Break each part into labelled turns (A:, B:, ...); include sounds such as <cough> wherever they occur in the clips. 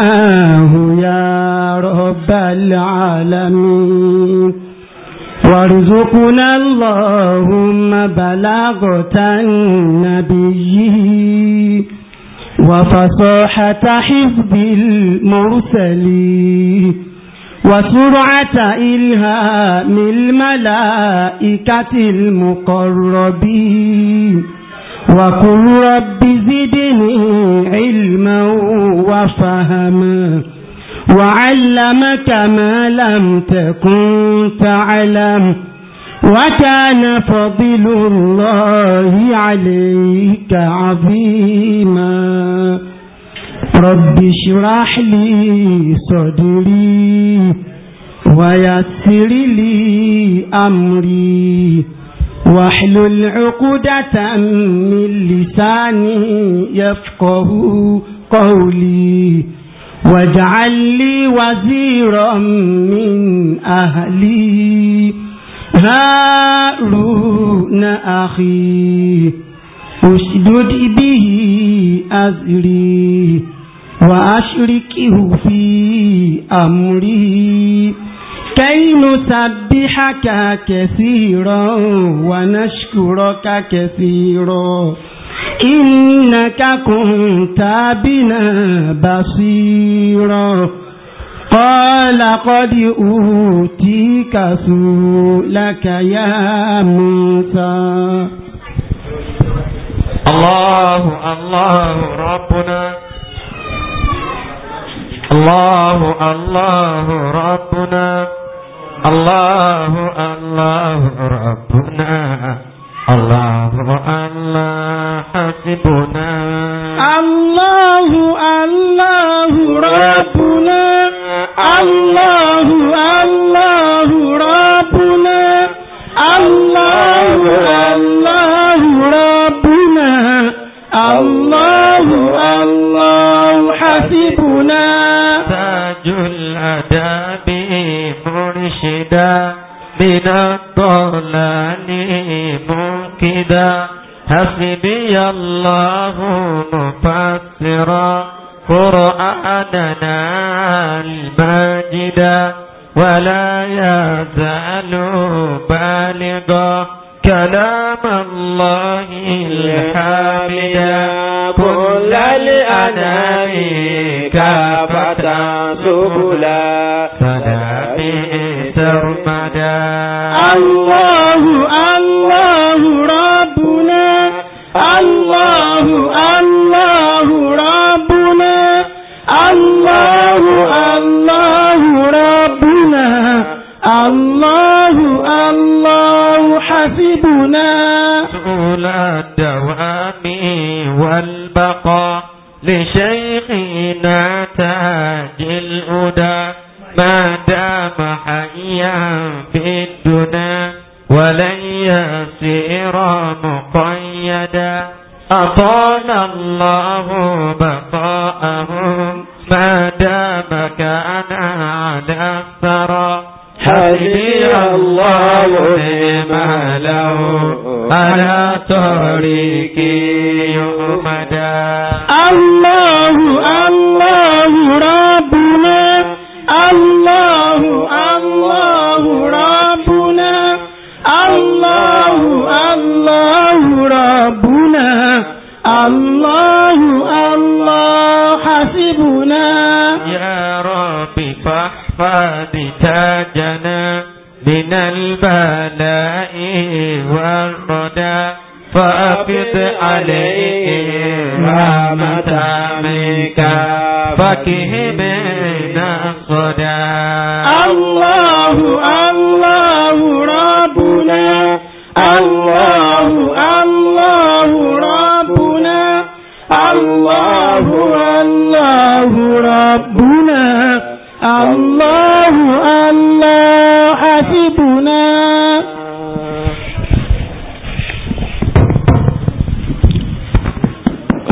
A: آه يا رب العالمين وارزقنا اللهم بلاغة النبي وفصاحة حفظ المرسلين وسرعة إلهام الملائكة المقربين وقل رب زدني علما وفهما وعلمك ما لم تكن تعلم وكان فضل الله عليك عظيما رب اشرح لي صدري ويسر لي أمري واحلل عقدة من لساني يفقه قولي واجعل لي وزيرا من أهلي هارون أخي أشدد به أزري وأشركه في أمري كَيْنُسَبِّحَكَ كَثِيرًا وَنَشْكُرَكَ كَثِيرًا إنك كنت بنا بصيرا قال قد أوتيك سؤلك يا موسى الله الله
B: ربنا
A: الله الله ربنا الله الله ربنا الله الله حسبنا الله الله ربنا الله الله ربنا الله الله ربنا الله الله حسبنا تاج الأداء مرشدا من الضلال منقدا حسبي الله مفسرا قرآننا الماجدا ولا يزال بالغا كلام الله الحامدا كل الأنام كافة سبلا سرمدا الله الله ربنا الله الله ربنا الله الله ربنا الله الله حسبنا سؤال الدوام والبقاء لشيخنا تاج الهدى ما دام حيا في الدنا ولن يسير مقيدا أطال الله بقاءهم ما دام كان على الثرى حبي الله نعم له على طريقي يؤمدا الله الله الله حسبنا يا ربي فاحفظ تاجنا من البلاء والردى فأفض عليه رحمة منك فكه من الصدى الله الله ربنا الله الله الله الله ربنا الله الله حسبنا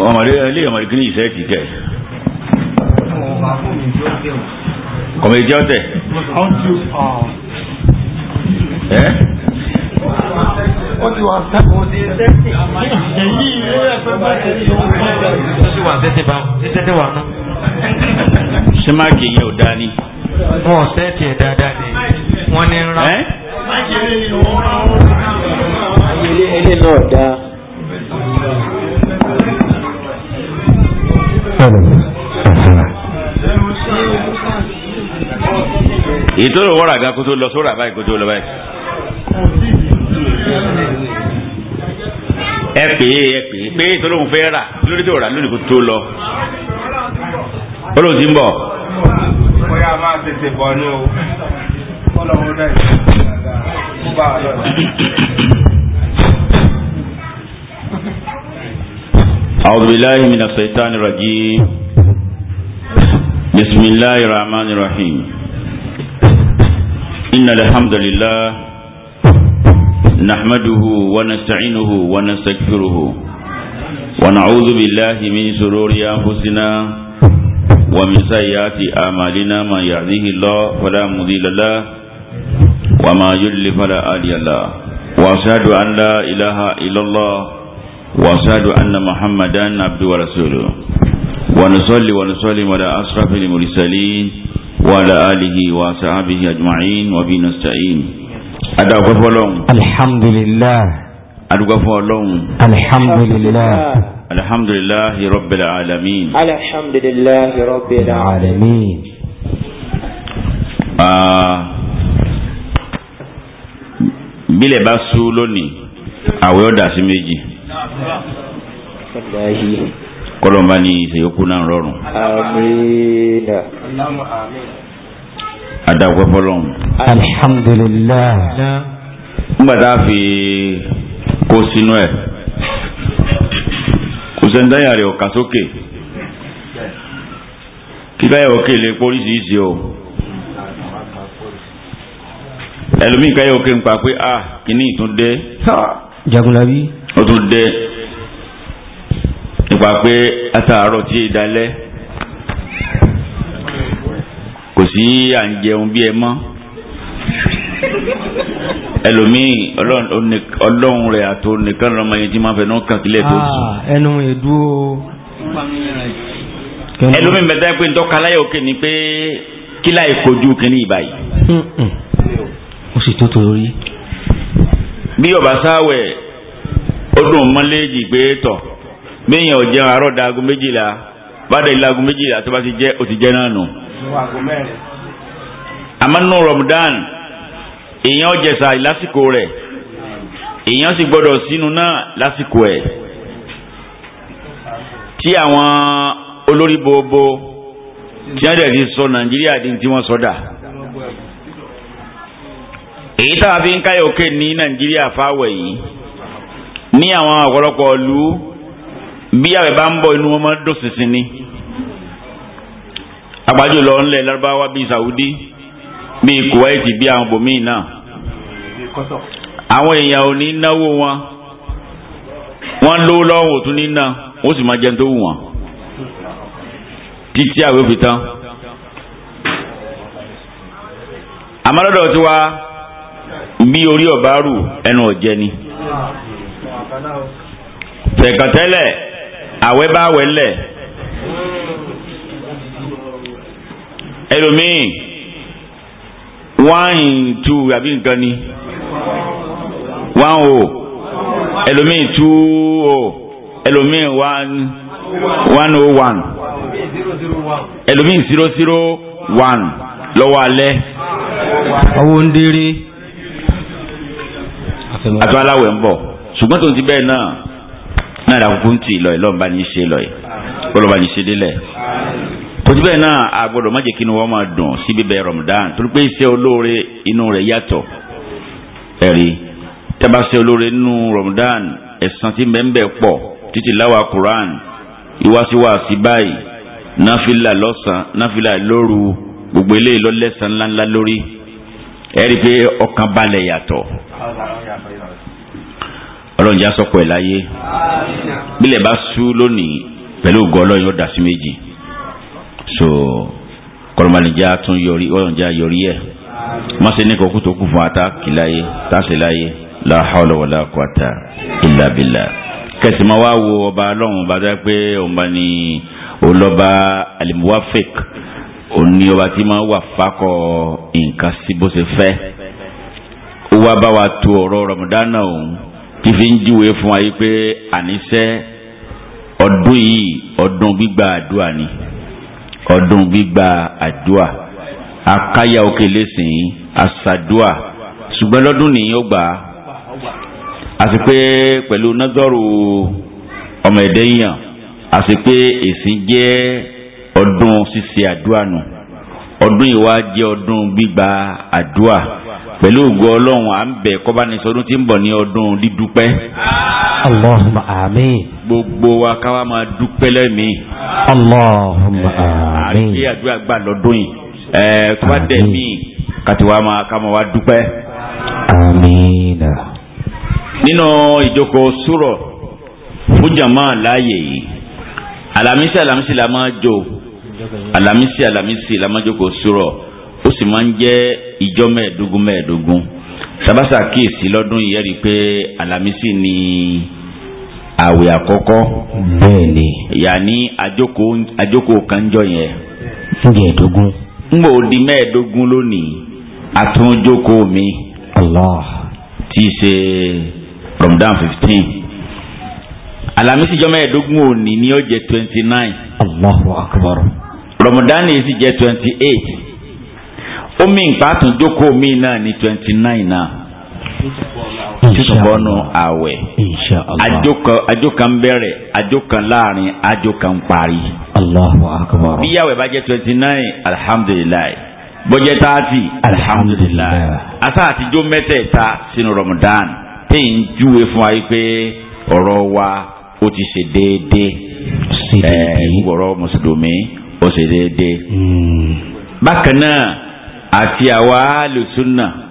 C: ọmọ rẹ ilé ọmọ ìkíní ìṣe ti kẹ
B: ọmọ ìjọ tẹ
A: ẹ ti wà
B: sẹ́tì. èyí ló yẹ pé bá ṣe ṣe wọ́n.
A: ó ti wà sẹ́tì bá ṣe sẹ́tì wà nù.
C: ṣé máàkì yẹn ò dá ni. wọn ò sẹ́tì ẹ̀ dáadáa ni wọ́n ní ń ra. ẹni náà dá. ìtòrò wọ́rà gan kó tó lọ sórí àbáyé kó tó lọ báyìí ẹ pè é ẹ pè é pé ìtọ́lóhùn fẹ́ rà lórí tó rà lórí kò tó lọ olóhùn ti ń bọ̀.
B: bóyá máa tètè bọ̀ ní o kọ́ lọ́wọ́ náà kó bá a
C: أعوذ بالله من الشيطان الرجيم بسم الله الرحمن الرحيم إن الحمد لله نحمده ونستعينه ونستغفره ونعوذ بالله من شرور أنفسنا ومن سيئات أعمالنا من يهده الله فلا مضل له وما يضلل فلا هادي له وأشهد أن لا إله إلا الله وأشهد أن محمدا عبده ورسوله ونصلي ونسلم على أشرف المرسلين وعلى آله وصحبه أجمعين وبنستعين نستعين adáwọ̀pẹ́ fọlọ́hún. alhamdulillah. adúgbò fọlọ́hún. alhamdulillah. alhamdulillahi rabbil alamin.
A: alhamdulillahi rabbil
C: alamin. Ah, bílẹ̀ bá sú lónìí àwẹ̀ ọ̀dà sí méjì kọlọmba ni ìṣèyókù náà rọrùn.
B: amiina
C: adakọ fọlọ. alihamdulilayi. ngbà tá a fi kó sínú ẹ kùsẹ̀ntàyà rẹ̀ ọ̀kà sókè kíkáyà òkè lè pólísìísì o ẹlòmíì káyà òkè ń pa pé a kìíní ìtún dé. jagunlabi. ó tún dé nípa pé àtàárọ̀ tí ì dalẹ́. tí à ń jẹun bí ẹ mọ́ ẹlòmíì ọlọ́run rẹ̀ àtò nìkan lọ́mọ yẹn tí máa fẹ́ náà kàn kílẹ̀ tó sùn. Ah,
A: ẹnu èdúró. ẹlòmíì
C: mẹ́ta pé ntọ́ka aláyọ̀ òkè ni pé kílà ìkojú kìíní ìbàyí.
B: o sì tó torí.
C: bí ọba sáwẹ̀ ó dùn mọ́lẹ́jì pé tọ̀ bẹ́ẹ̀ yẹn ò jẹun àárọ̀ dago méjìlá bá dẹ̀ ilago méjìlá tó bá ti jẹ́ ó ti jẹ́ náà nù. Amanu Ramadan èèyàn jẹ̀sà lásìkò rẹ̀ èèyàn sì gbọ́dọ̀ sínú náà lásìkò ẹ̀ tí àwọn olórí bobo tí wọ́n dẹ̀ ti sọ Nàìjíríà di tí wọ́n sọdà èyí táwọn fi ń káyọ̀ òkè ní Nàìjíríà fáwọ̀ yìí ní àwọn ọ̀pọ̀lọpọ̀ ìlú bí àwẹ̀ bá ń bọ̀ inú wọn máa ń ni àgbájọ lọ ńlẹ̀ lárúbáwá bíi Saudi. bíi kuwaiti bíi àwọn bòmíì náà àwọn èèyàn ò ní náwó wọn wọn ló lọ́wọ́ òtún ní náà wọ́n sì máa jẹun tó wù wọ́n títí àwọn tán. bí orí ọ̀bá rù ẹnu ni. tẹ̀kọ̀tẹ́lẹ̀ àwẹ̀ bá wẹ̀ one two àbí nǹkan ni one o ẹlòmíì two o ẹlòmíì one one o one ẹlòmíì zero zero one lọ́wọ́ alẹ́. owó ń déré. àti aláwẹ̀ ń bọ̀ ṣùgbọ́n tó ti bẹ́ẹ̀ náà náà dàkúkú ń tì lọ́ọ̀ lọ́ọ̀ bá ní í ṣe lọ́ọ̀ bá ní í ṣe délẹ̀. tójú bẹ́ẹ̀ náà a gbọ́dọ̀ má jẹ́ kí inú wa máa dùn Ramadan torí pé iṣẹ́ olóore inú rẹ̀ yàtọ̀ ẹ̀rí tábà ṣe olóore Ramadan ẹ̀san tí mẹ́ńbẹ́ pọ̀ títí láwa Quran ìwáṣíwáṣí báyìí náfìlà lọ́sàn náfìlà lóru gbogbo eléyìí lọ́lẹ́sàn ńláńlá lórí ẹ̀rí pé ọkàn balẹ̀ yàtọ̀ ọlọ́run jẹ́ ẹ̀ láyé bílẹ̀ bá sú lónìí pẹ̀lú ògùn so kọlọmọlẹjà tún yọrí ọlọmọlẹjà yọrí ẹ má ṣe ní kókó to kù fún ata kìláyé tásì láyé la hawla wala quwata illa billah kẹsì máa wá wo ọba lọ́hùn ọba dá pé òun bá ní olọba alimuwafik òun ni ọba tí máa wà fakọ nǹkan sí bó ṣe fẹ́ ó wá bá wa tó ọ̀rọ̀ ramadana òun tí fi ń jíwe wa yìí pé àníṣe ọdún yìí ọdún gbígba àdúrà ọdún gbígba àdúà akáyà òkè lẹ́sìn àṣàdúà ṣùgbọ́n lọ́dún nìyí ó gbà á àti pé pẹ̀lú nọ́gọ́rù ọmọ ẹ̀dẹ́ yàn àti pé èsì jẹ́ ọdún ṣíṣe àdúà nù ọdún yìí wá jẹ́ ọdún gbígba àdúà pẹ̀lú ògo ọlọ́run à ń bẹ̀ kọ́bánisọ́dún tí ń bọ̀ ní ọdún dídúpẹ́.
A: Allahumma àmín
C: gbogbo wa ká wa máa dúpẹ́ lẹ́mí.
A: Allahumma
C: àmín. àti àdúrà gbà lọ́dún yìí ẹ̀ tó bá dẹ̀ mí kàti wa máa ká máa wa dúpẹ́.
B: àmín.
C: nínú ìjókòó sùrọ̀ fún jàmáà láàyè yìí alamisi alamisi la máa jò alamisi alamisi la máa jókòó sùrọ̀ ó sì máa ń jẹ́ ìjọ mẹ́ẹ̀ẹ́dógún mẹ́ẹ̀ẹ́dógún tabasa kíyèsí lọ́dún yìí rí pé alamisi ni. àwẹ̀ àkọ́kọ́. bẹ́ẹ̀ ni. yanni àjókòó àjókòó yẹn. fúnjẹ ẹ̀dógún. n bò di mẹ́ẹ̀ẹ́dógún lónìí àtúnjókòó mi. Allah. tí í Ramadan fifteen. alamisi ni ó jẹ twenty nine. Allahu akbar. Ramadan yìí sì jẹ twenty omi ìpàtúnjókòó ni twenty nine yóò tún bọ́nu àwẹ̀ àjò kan bẹ̀rẹ̀ àjò kan láàrin àjò kan parí. bí yàwẹ̀ bá jẹ́ twenty nine alihamudulilayi bọ́jẹ́ tààtì alihamudulilayi asa àtijọ́ mẹ́tẹ̀ẹ̀ta sínú Ramadan tẹ̀yìn júwe fún wa yìí pé ọ̀rọ̀ wa ó ti ṣe déédéé ẹ̀ẹ́ gbọ̀rọ̀ mùsùlùmí ó ṣe déédéé. Hmm. bákan náà àti àwa lùsùn náà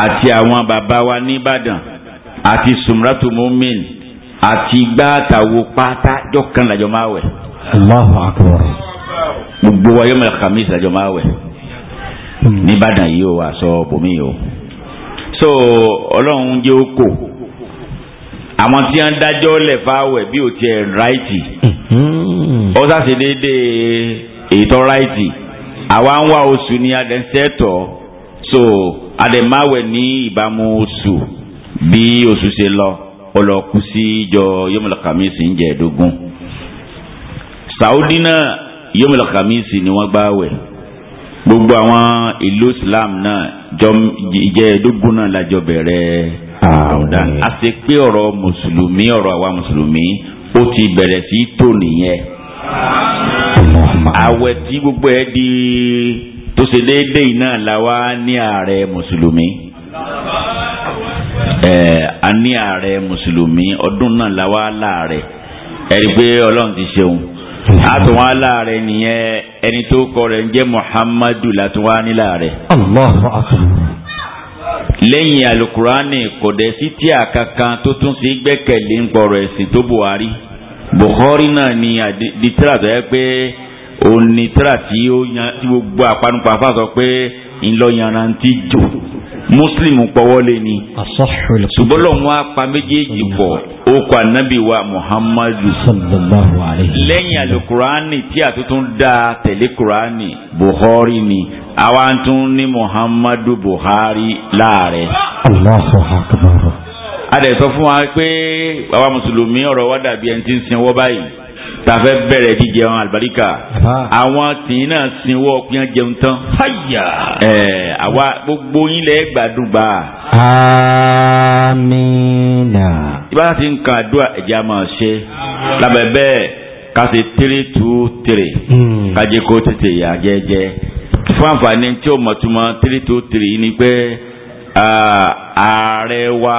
C: àti àwọn bàbá wa nìbàdàn àti sumratu mumin àti gbàtàwó pátá jọ kan làjọ máa wẹ̀. Allahu akbar. gbogbo wa yọmọ alhamis làjọ máa wẹ̀ hmm. nìbàdàn yìí o àṣọ bòmí o. so ọlọ́run jẹ́ ó kò àwọn tí wọ́n dájọ́ lẹ̀ fáwẹ̀ bí o tiẹ̀ ráìtì
B: hmm.
C: ó sàṣe déédéé ètò ráìtì àwa ń wá oṣù ní adẹ́sẹ̀tọ̀ so àdèmáwẹ̀ ní ìbámu oṣù bí oṣù ṣe lọ ọlọ́kù sí ìjọ yomulakamisi ń jẹ́ ẹ̀dógún Saudi náà yomulakamisi ni wọ́n gbáwẹ̀ gbogbo àwọn ìlú Islam náà ìjẹ́ ẹ̀dógún náà lájọ bẹ̀rẹ̀ Ramadan a ṣe pé ọ̀rọ̀ mùsùlùmí ọ̀rọ̀ àwa mùsùlùmí ó ti bẹ̀rẹ̀ sí tò nìyẹn àwẹ̀ tí gbogbo ẹ̀ di. tó ṣe déédéé iná la ní ààrẹ mùsùlùmí a ní ààrẹ mùsùlùmí ọdún náà la láàrẹ ẹ̀rí pé ọlọ́run ti ṣeun láàrẹ nìyẹn ẹni tó kọ rẹ̀ ń jẹ́ Muhammadu látúnwá ní lẹ́yìn alukurani kò dẹ̀ sí tí a kankan tó tún sí buhari buhari náà ni òun ni tíra tí ó yan tí gbogbo àpanupà fà sọ pé ńlọyanrantí jò muslim pọwọlé ni. ṣùgbọ́n lọ́wọ́ wa pa méjèèjì pọ̀ ó kọ anabi wa muhammadu. lẹ́yìn alukurani tí a tuntun da tẹ̀lé kurani buhari ni àwa tún ní muhammadu buhari láàrẹ. a dẹ̀ sọ fún wa pé àwa mùsùlùmí ọ̀rọ̀ wa dàbí ẹni tí ń sin wọ́ báyìí tàfẹ́ bẹ̀rẹ̀ jíjẹ àwọn àlùbáríkà àwọn tìyín náà sinwó ọpẹ́yàn jẹun tán ẹ̀ àwa gbogbo yín lẹ́ gbádùn bá. amiina. ìbára ti ń kan àdúrà ẹ̀jẹ̀ máa ṣe lábẹ́ bẹ́ẹ̀ ká ṣe tírì tú tírì hmm. kájẹ́ kó tètè yà jẹ́jẹ́ fún àǹfààní tí ó mọ̀túnmọ́ tírì tú tírì ni pé ààrẹ wa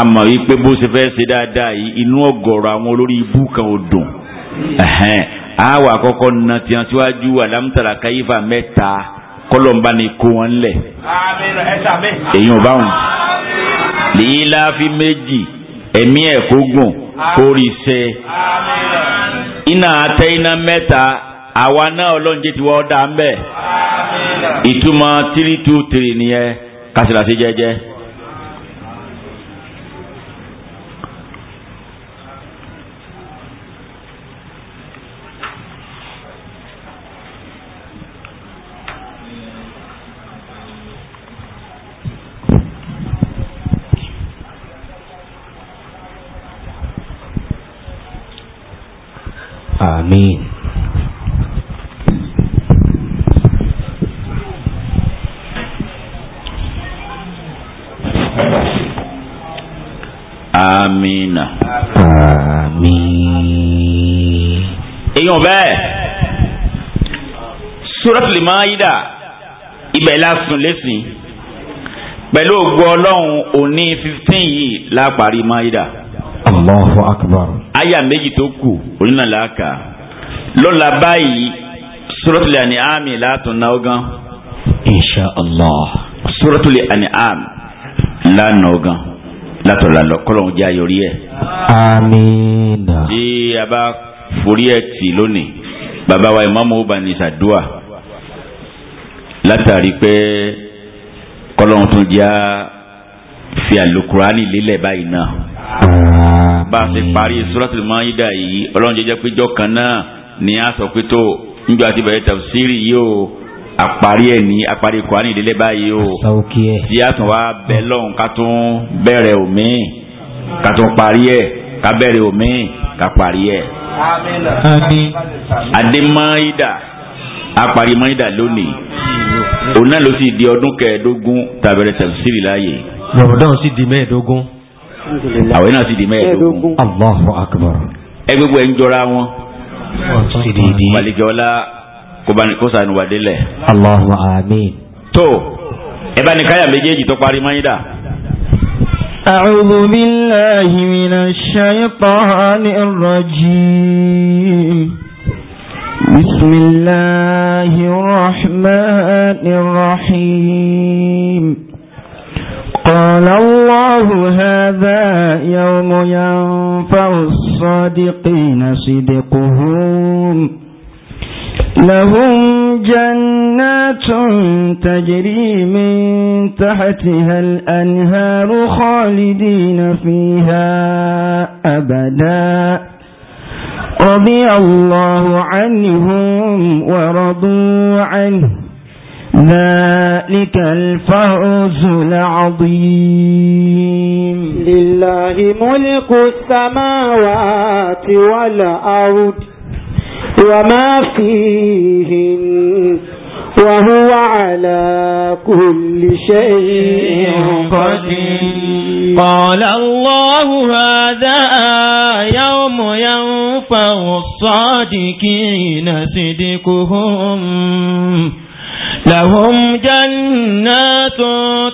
C: a mọ̀ yìí pé bó ṣe fẹ́ ṣe dáadáa yìí inú ọ̀gọ̀rọ̀ àwọn olórí ibú kan ò dùn a wà kọ́kọ́ na tiẹ̀ síwájú alámùtàlá káyífà mẹ́ta kọ́lọ̀mbá ni kó wọn lẹ̀ èyí ò bá wọn. lílá fi méjì ẹ̀mí ẹ̀ kó gùn kórì ṣe iná atẹ iná mẹ́ta àwa náà ọlọ́njẹ́ ti wọ́ dá ń bẹ̀ ìtumọ̀ tírí tìrì nìyẹn kásìlàsí jẹ́jẹ́. yàn bẹ́ẹ̀ suratul maida ibẹ̀ la sùn lẹ́sìn pẹ̀lú ògbó ọlọ́run òní fifteen yìí la parí maida.
B: Allahu akbar.
C: aya méjì tó kù onínàláka lọ́la báyìí suratul an'am látún náà gan. insha allah. suratul an'am lánàá gan látọ̀lá lọ kọ́lọ́hún jẹ́ ayọ̀rí ẹ̀. amiina. tí a bá forí ẹ̀ tì lónìí bàbá wa ìmáàmù bani sàdúà látàrí pé kọ́lọ́hún tún já fi àlùkùránì lélẹ̀ báyìí náà. bá a ti parí suratul maida yìí ọlọ́run jẹ́jẹ́ péjọ kan náà ni a sọ pé tó njọ àti bẹ̀rẹ̀ tafsiri yìí o àparí ẹ̀ ní àparí kùránì lélẹ̀ báyìí o. tí a tún wá bẹ lọ́hùn ká tún bẹ̀rẹ̀ òmíì ká tún parí ẹ̀ ká bẹ̀rẹ̀ omi ká parí ẹ̀.
A: adémáyídà
C: a parí máyídà lónìí òun náà ló sì di ọdún kẹẹ̀ẹ́dógún tàbẹ̀rẹ̀ tẹ̀síìrì láàyè.
A: rọ̀mọdán sì di mẹ́ẹ̀ẹ́dógún.
C: àwẹ̀ náà sì di mẹ́ẹ̀ẹ́dógún.
A: Allahu akbar.
C: ẹ gbogbo ẹ̀ ń jọra wọn. balijọ́lá kó sànù wà délẹ̀. Allahu àmín. tó ẹ bá ní káyà méjèèjì tó parí máyídà.
A: أعوذ بالله من الشيطان الرجيم بسم الله الرحمن الرحيم قال الله هذا يوم ينفع الصادقين صدقهم لهم جنات تجري من تحتها الأنهار خالدين فيها أبدا رضي الله عنهم ورضوا عنه ذلك الفوز العظيم لله ملك السماوات والأرض وما فيهن وهو على كل شيء قدير قال الله هذا يوم ينفع الصادقين صدقهم لهم جنات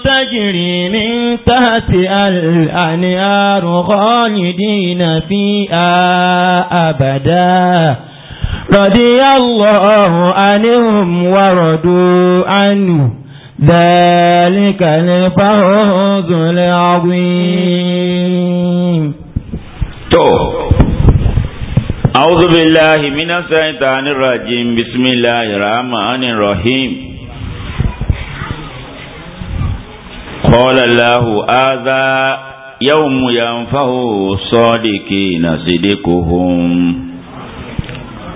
A: تجري من تحت الأنهار خالدين فيها أبداً رضي الله عنهم ورضوا عنه ذلك الفوز
C: العظيم تو أعوذ بالله من الشيطان الرجيم بسم الله الرحمن الرحيم قال الله هذا يوم ينفع الصادقين صدقهم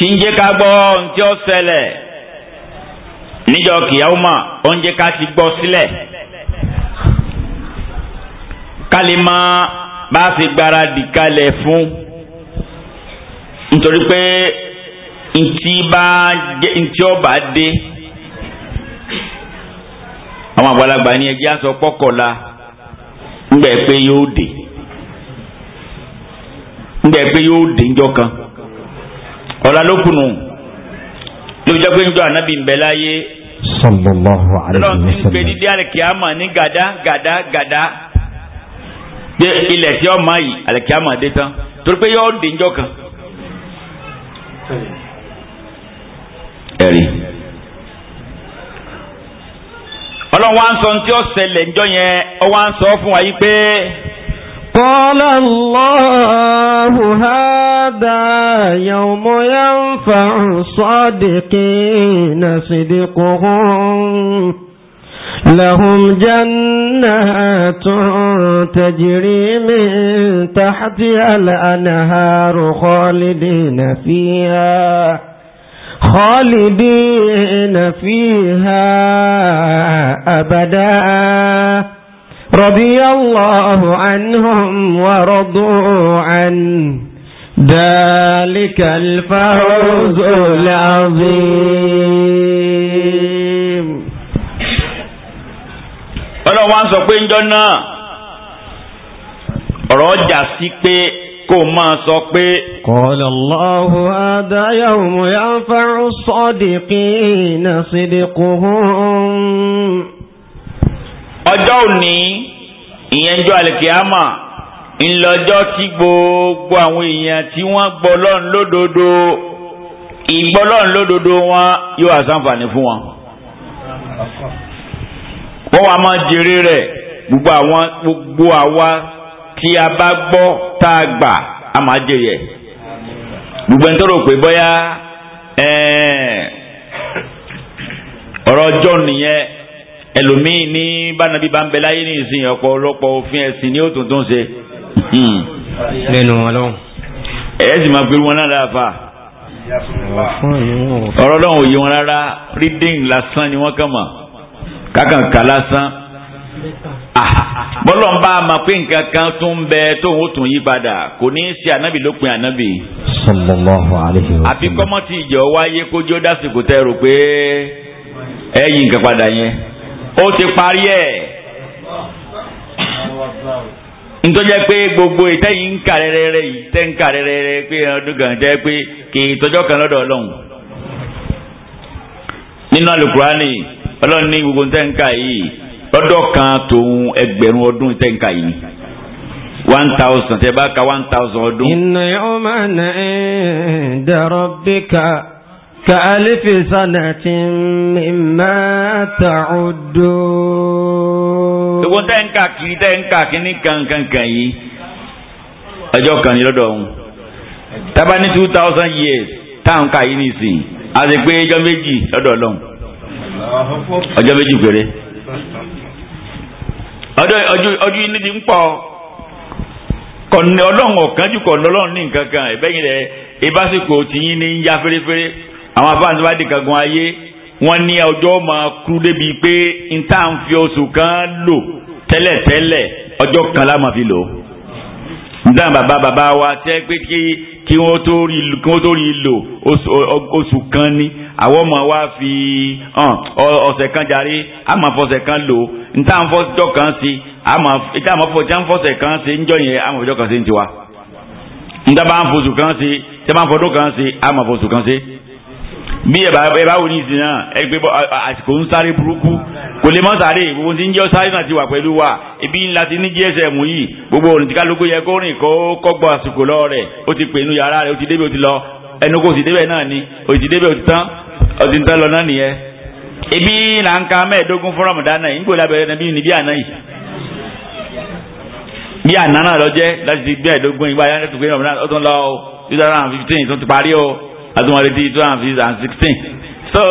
C: tí ń jẹ́ ká gbọ́ ohun tí ó ṣẹlẹ̀ níjọ́ kìyàwómà ó ń jẹ́ ká ti gbọ́ sílẹ̀ ká lè má bá a ṣe kalẹ̀ fún nítorí pé ntí bá ntí ọba dé àwọn àgbàlagbà ní ẹjẹ́ aṣọ pọ́kọ̀la ńgbẹ́ pé yóò dé ńgbẹ́ pé yóò dé ńjọ́ kan ọ̀la ló kùnù ló jẹ́ pé níjọ́ ànábì ń bẹ sallallahu alayhi wa sallam. lọ́nà tí ń gbé dídé àlẹ́kìámà ní gàdá gàdá gàdá dé ilẹ̀ tí ọmọ yìí àlẹ́kìámà dé tán torí pé yóò dé njọ́ kan. ẹ̀rí. ọlọ́run wa ń sọ ní tí ó ṣẹlẹ̀ njọ́ yẹn ó wá ń sọ fún wa yìí pé. قال الله هذا
A: يوم ينفع الصادقين صدقهم لهم جنات تجري من تحتها الأنهار خالدين فيها خالدين فيها أبداً رضي الله عنهم ورضوا عنه ذلك الفوز العظيم
C: ọlọ́run wá ń sọ pé ńjọ́ náà ọ̀rọ̀ ọjà sí pé kó máa sọ pé.
A: قال الله هذا يوم ينفع الصادقين صدقهم
C: ọjọ́ òní ìyẹn jọ àlìkíyàmà ńlọjọ́ tí gbogbo àwọn èèyàn tí wọ́n gbọ́ lọ́n lódodo ìgbọ́ lọ́n lódodo wọn yóò àsánfàní fún wọn. wọ́n wá máa jèrè rẹ̀ gbogbo àwọn gbogbo àwa tí a bá gbọ́ tá a gbà a máa jẹyẹ. gbogbo ẹni tó rò pé bóyá ọ̀rọ̀ ọjọ́ nìyẹn ẹlòmíì ní bánabi bá ń bẹ láyé ní ìsìn ọ̀pọ̀lọpọ̀ òfin ẹ̀sìn ní òtúntún ṣe. Hmm. lẹ́nu ọlọ́run. ẹ sì máa pèrú wọn náà láàfà. ọ̀rọ̀ ọlọ́run ò yé wọn rárá rídìn lásán ni wọ́n kàn mọ̀ kákàǹkà lásán. Ah, bọ́lọ̀ ń bá a máa pé nǹkan kan tó ń bẹ tóun ó tún yí padà kò ní í ṣe ànábì lópin ànábì.
B: sallallahu alaihi
C: wa sallam. àfi kọ́mọ́tì ìjọ wáyé kójó dásìkò tẹ́ rò pé ẹ̀yìn nǹkan padà yẹn ó ti parí ẹ̀ ntọ́jẹ́ pé gbogbo ìtẹ́yìn ń kà rẹ́rẹ́rẹ́ ìtẹ́ ń kà rẹ́rẹ́rẹ́ pé ọdún kan jẹ́ pé kì í tọ́jọ́ kan lọ́dọ̀ ọlọ́run nínú alukurani ọlọ́run ní gbogbo ìtẹ́ ń kà yìí lọ́dọ̀ kan tòun ẹgbẹ̀rún ọdún ìtẹ́ ń kà yìí one thousand tẹ́ bá ka one thousand ọdún. inna yawman
A: inda rabbika. كألف سنة مما تعدون gbogbo
C: tẹ́ ń kà kí tẹ́ kan years táwọn kà yìí nìsín àti pé ẹjọ́ méjì lọ́dọ̀ ọlọ́run ọjọ́ méjì péré ọjọ́ yìí níbi ń ọlọ́run ọ̀kanjú kọ̀ọ̀nì ọlọ́run ní nǹkan kan rẹ̀ tìyín ní ń ya fẹ́rẹ́fẹ́rẹ́. àwọn afáàní tó bá di kankan ayé wọ́n ní ọjọ́ máa kú débi pé n tá à ń fi oṣù kan lò tẹ́lẹ̀tẹ́lẹ̀ ọjọ́ kan la máa fi lò n tá à ń bàbá bàbá wa tẹ́ pé kí kí wọ́n tó rí kí wọ́n tó rí lò oṣù kan ni àwọn ọmọ wa fi ọ̀sẹ̀ kan jàre a máa fọ̀sẹ̀ kan lò n tá ń fọ́jọ́ kan sí a máa n tá à ń fọ́sẹ̀ kan sí njọ́ yẹn a máa fọ́jọ́ kan sí tiwa n bá ń fọ́sù kan sí tẹ́ bá ń fọ́dún kan sí a máa fọ́sù kan sí bí ẹ bá ẹ bá wò ní ìsìn náà ẹ gbé àsìkò ń sáré burúkú kò lè mọ sáré gbogbo tí ń jẹ́ sáré náà ti wà pẹ̀lú wa ibi ńlá ti ní gsm yìí gbogbo òrùn tí kálukú yẹ kó rìn kó kọ́gbọ́ àsìkò lọ rẹ̀ ó ti pè inú yàrá rẹ̀ ó ti débi ó ti lọ ẹnu kò sì débẹ̀ náà ni ó ti débẹ̀ ó ti tán ó ti tán lọ náà nìyẹn. ibi là ń ka mẹ́ẹ̀ẹ́dógún fún Ramadan náà nígbò lábẹ́rẹ́ náà bí níbi àná yìí bí àná náà lọ jẹ́ láti ti parí o. àtúmọ̀rẹ́tì two thousand and sixteen so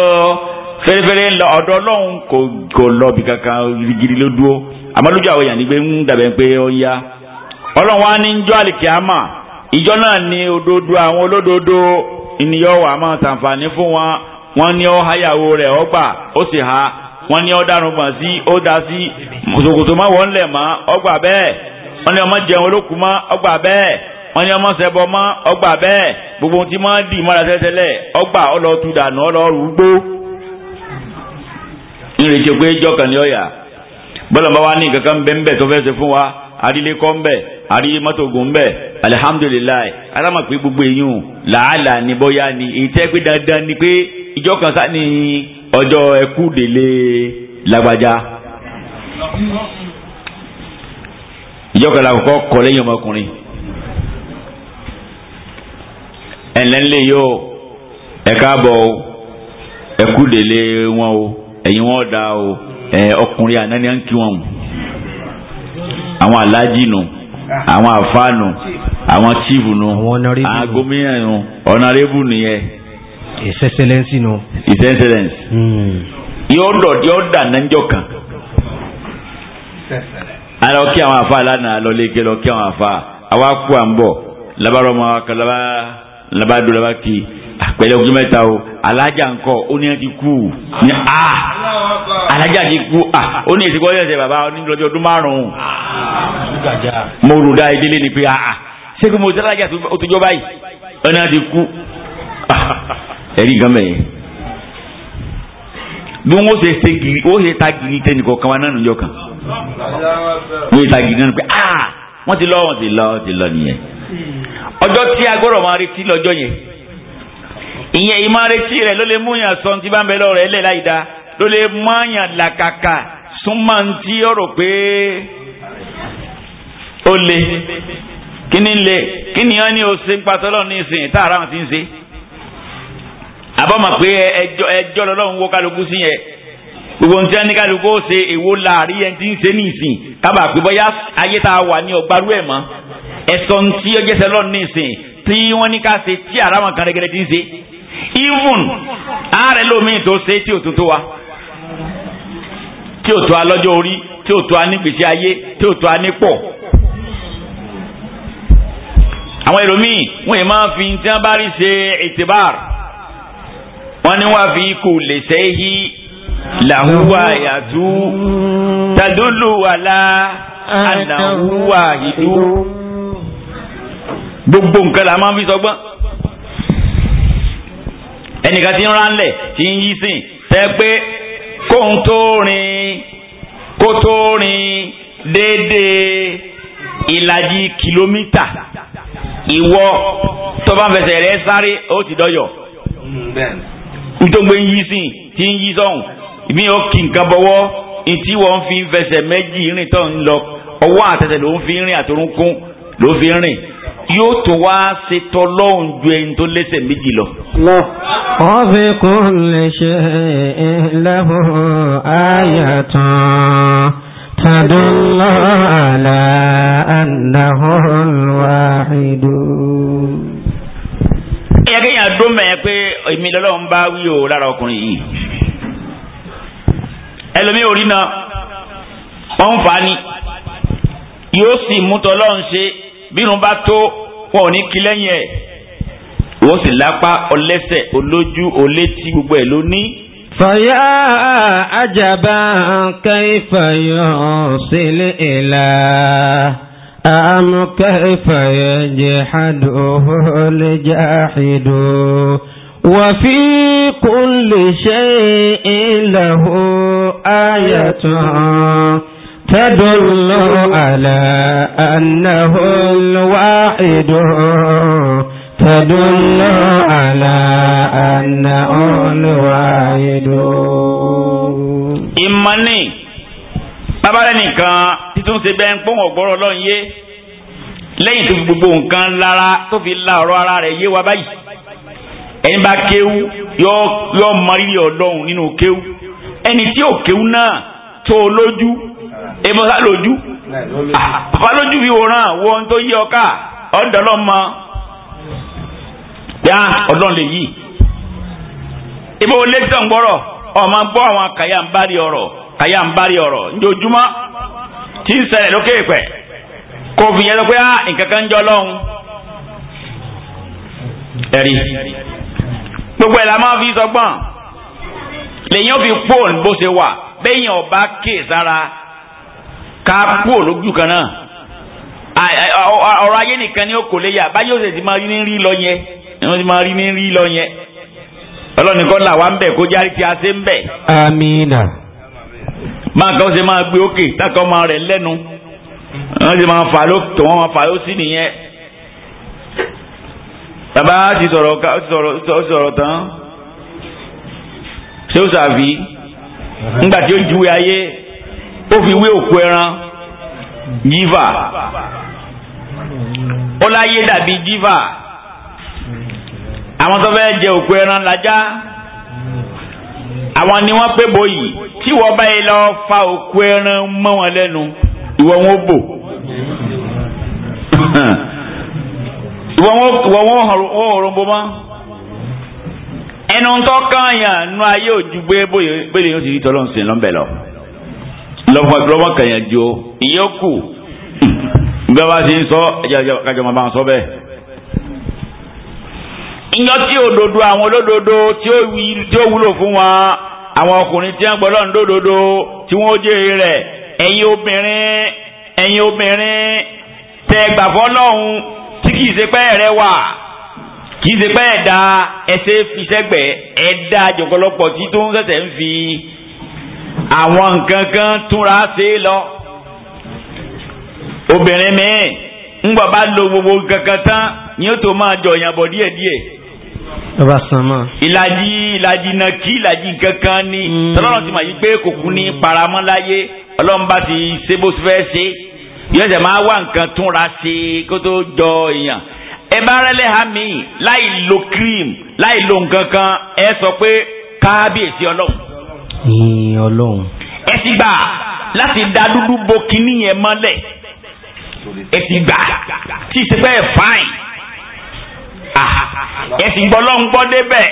C: fẹ́rẹ́fẹ́rẹ́ lọ ọ̀dọ̀ ọlọ́run kò kò lọ́ọ̀bì kankan gidi ló dúró àmọ́ àwọn èèyàn ni pé ń dàbẹ̀ pé ó ń yá ọlọ́run wa ní jọ́ àlìkíámà ìjọ náà ni òdodo àwọn olódodo ènìyàn wà máa ṣàǹfààní fún wọn wọn ọ háyàwó ha wọn ní ọ dànù gbọ̀n sí ó da sí lẹ̀ mọ́ ọ gbà wọ́n ní ọmọ sẹ́bọ̀ mọ́ ọgbà bẹ́ẹ̀ gbogbo tí máa dì mọ́ra tẹ́tẹ́lẹ̀ ọgbà ọlọ́tú dànù ọlọ́rù gbó. ìrètí pé jọkàn ní ọ̀yà bọ́lá bá wà ní kankan bẹ́ẹ̀ tó wa kọ́ ń bẹ̀ mọ́tò gùn gbogbo làálà ni pé dandan ni pé ọjọ́ ẹkú délé ẹ̀lẹ́ ńlẹ̀ ẹ káàbọ̀ o ẹ kú délé wọn o ẹ̀yin wọn da o ẹ ọkùnrin ànáni à ń kí wọn o àwọn aláàjì nù àwọn àfáà nù àwọn chief nù àwọn gómìnà nù ọ̀nàrẹ́bù nìyẹn. his excellence nù. his excellence. Hmm. yóò dọ̀ kan àwọn àwọn àwa kú à ń bọ̀ laba do laba ki pẹ̀lẹ́ ojú mẹ́ta o alájà ńkọ́ ó ní ẹ ti kú ní a
B: ah!
C: alájà ti kú a ah, ó ní èsì kọ́lẹ́sẹ̀ bàbá onídọ́jọ́ ọdún márùn-ún mo rò ni pé a ah, ṣé kí mo ti alájà tó tó jọ báyìí ó ní ẹ ti kú ẹ̀rí gan mẹ́yẹn bí wọ́n ṣe ṣe giri ó ṣe ta giri tẹ́ni kọ̀ọ̀kan wa náà níjọ́ kan wọ́n ṣe ta giri náà pé a wọ́n ti lọ wọ́n ti lọ wọ́n ti lọ nìyẹn ọjọ́ tí a gbọ́dọ̀ máa retí lọ́jọ́ yẹn ìyẹn ìmọ̀ retí rẹ̀ ló lè mú yàn sọ ti bá ń bẹ lọ́rọ̀ ẹlẹ́ láì dá ló lè mú yàn làkàkà súnmọ́ ti ọ̀rọ̀ pé ó le kíni le kíni yẹn ni o ṣe ń pàṣẹ lọ́run ní ìsìn tá àrà wọn ti ń ṣe àbọ̀mọ̀ pé ẹjọ́ ẹjọ́ lọ́lọ́run wo kálukú sí yẹn gbogbo ntí ẹni kálukú ó ṣe èwo láàrí ẹni tí ń ṣe ní ìsìn kábàá pé ayé tá a wà ní ọgbàrú ẹ̀ mọ́ ẹ̀sọ́ tí ó jẹ́sẹ̀ lọ́ọ̀ ní ìsìn tí wọ́n ní ká ṣe tí àràmọ̀ kan rẹ̀gẹ̀rẹ̀ ti ń ṣe even ààrẹ lómiì tó ṣe tí ò tuntun wa tí ò tó a lọ́jọ́ orí tí ò tó a nígbèsè ayé tí ò tó a nípọ̀ àwọn ẹlòmíì wọn yìí máa fi tí wọn bá rí ṣe ìtìbáàr wọn ni wọn fi kù lè ṣẹ́yí làhùwà yàtú tàdúlù àlà ànàhùwà ìdú gbogbo nǹkan la máa ń fi sọgbọ́n ẹnìkan ti ń ránlẹ̀ ti ń yí sìn tẹ́ pé kóun tó rin kó tó rin déédéé ìlàjì kìlómítà ìwọ tó bá ń fẹsẹ̀ rẹ sáré ó ti dọ́yọ̀ nítorí ń yí sìn ti ń yí sọ̀hún ìmí ò kí nǹkan bọ́wọ́ ìtí wọ́n fi ń fẹsẹ̀ méjì rìn tó ń lọ ọwọ́ àtẹsẹ̀ ló ń fi rìn àtòrúnkún ló fi rìn yóò tún wá ṣetọ lọ́hùn ju ẹni tó lẹ́sẹ̀ méjì lọ.
A: wọ́n fi kulli shay'in lahu ayatan tadullu ala annahu al-wahid.
C: ẹ̀yà kẹ́yìn àdó mẹ́ẹ̀ pé èmi lọ́lọ́run bá wí o lára ọkùnrin yìí ẹlòmíì orí náà wọ́n ń fa ni yóò sì mú tọ́lọ́run ṣe bírun bá tó wọn ò ní kí lẹ́yìn ẹ̀ wọ́n sì lápá ọlẹ́sẹ̀ olójú olétí gbogbo ẹ̀ ló ní. fàyà
A: àjàbá kẹ́fà yóò sílé ìlà àmú kẹ́fà yóò jẹ́ àdóhó lè jẹ́ àhìdó. وفي كل شيء له آية تدل على أنه الواحد تدل على أنه الواحد
C: ìmọ̀ni bábára nìkan títún ṣe bẹ́ẹ̀ ń pọ́n ọ̀gbọ́rọ̀ lọ́n yé lẹ́yìn tó fi gbogbo nǹkan lára tó fi la ọ̀rọ̀ ara rẹ̀ yé wa báyìí ẹni bá kéwú yọ mọ rírì ọlọ́run nínú kéwú ẹni tí ò kéwú náà tó lójú ebọ́sá lójú ah, bàbá lójú fi wòran wo ohun tó yí ọ ká ọ̀dọ́ lọ mọ yá ọ̀dọ́ lè yí ibo lẹ́tọ̀ ń gbọ́rọ̀ ọmọ gbọ́ àwọn kàyà ń bá rí ọ̀rọ̀ kàyà ń bá rí ọ̀rọ̀ njojúmọ́ tí ń ṣẹlẹ̀ lókè pẹ̀ kò fi yẹn lọ ah, nǹkan kan ń jọ lọ́hùn ẹ̀rí gbogbo ẹ̀ la máa fi sọgbọ́n lèyìn fi pọ́ùn bó ṣe wà bẹ́yìn ọba kè sára ká kúrò lójú kan náà ọ̀rọ̀ ayé nìkan ni ó kò lè yà báyìí ó sì ti máa rí ní rí lọ yẹn ni wọ́n ti máa rí ní rí lọ yẹn ọlọ́ni kọ́ là wá ń bẹ̀ kó járí tí a ṣe ń bẹ̀.
A: amiina.
C: máa kọ́ ṣe máa gbé òkè tákọ́ máa rẹ̀ lẹ́nu wọ́n ṣe máa fà ló tó wọ́n máa fà ló sí nìyẹn. bàbá ti sọ̀rọ̀ ká ó ti sọ̀rọ̀ ó ti sọ̀rọ̀ tán ṣé ó ṣàfi ńgbà tí ó juwe ayé ó fi wé òkú ẹran jífà ó láyé dàbí jífà àwọn tó fẹ́ jẹ òkú ẹran lajá àwọn ni wọ́n pé boyì tí wọ́n bá yẹ lọ fa òkú ẹran mọ́ wọn lẹ́nu ìwọ wọn bò <laughs> ìwọ wọn òòrùn bò mọ́ ẹnu tó kàn yàn nu ayé òjú gbé bóyè bóyè yóò ti rí tọ́lọ́sìn lọ́nbẹ̀ lọ lọ́wọ́ kẹyàn jo ìyókù <laughs> bí wọ́n bá ti ń sọ kájọ máa bá wọn sọ bẹ́ẹ̀. ìyọ́ tí òdodo àwọn olódodo tí ó wúlò fún wọn àwọn ọkùnrin tí wọ́n gbọ́dọ̀ ń dòdodo tí wọ́n jèrè rẹ̀ ẹ̀yin obìnrin ẹ̀yin obìnrin tẹ gbàfọ́ lọ́hùn tí kìí ṣe pẹ́ rẹ wà kìí ṣe pẹ́ ẹ̀dá ẹsẹ̀ fi sẹ́gbẹ̀ẹ́ ẹ̀dá àjọ̀kọ̀lọpọ̀ tí tó ń ṣẹ̀ṣẹ̀ ń fi àwọn nǹkan kan túnra ṣe é lọ obìnrin míì ńgbà bá lo gbogbo kankan tán yóò tó máa jọ ìyàbọ̀ díẹ̀díẹ̀. bàbá sàmà. ìlàjì ìlàjì náà kí ìlàjì kankan ni hmm. tọ́lọ́run ti mà yí pé kò kú ní paramọ́láyé ọlọ́run bá ti ṣe bó fẹ́ ṣe yóò ṣe máa wá nǹkan túnra ṣe kó tó jọ èèyàn ẹ bá rẹ́lẹ̀ ha mi láì lo cream láì lo nǹkan kan ẹ sọ pé kábíyèsí ọlọ́run yin ọlọ́run. ẹ ti gbà láti da dúdú bo kinní yẹn mọ́lẹ̀ ẹ ti gbà tí ìsìnkú ẹ̀ fáìn ẹ ti gbọ́ lọ́n gbọ́ débẹ̀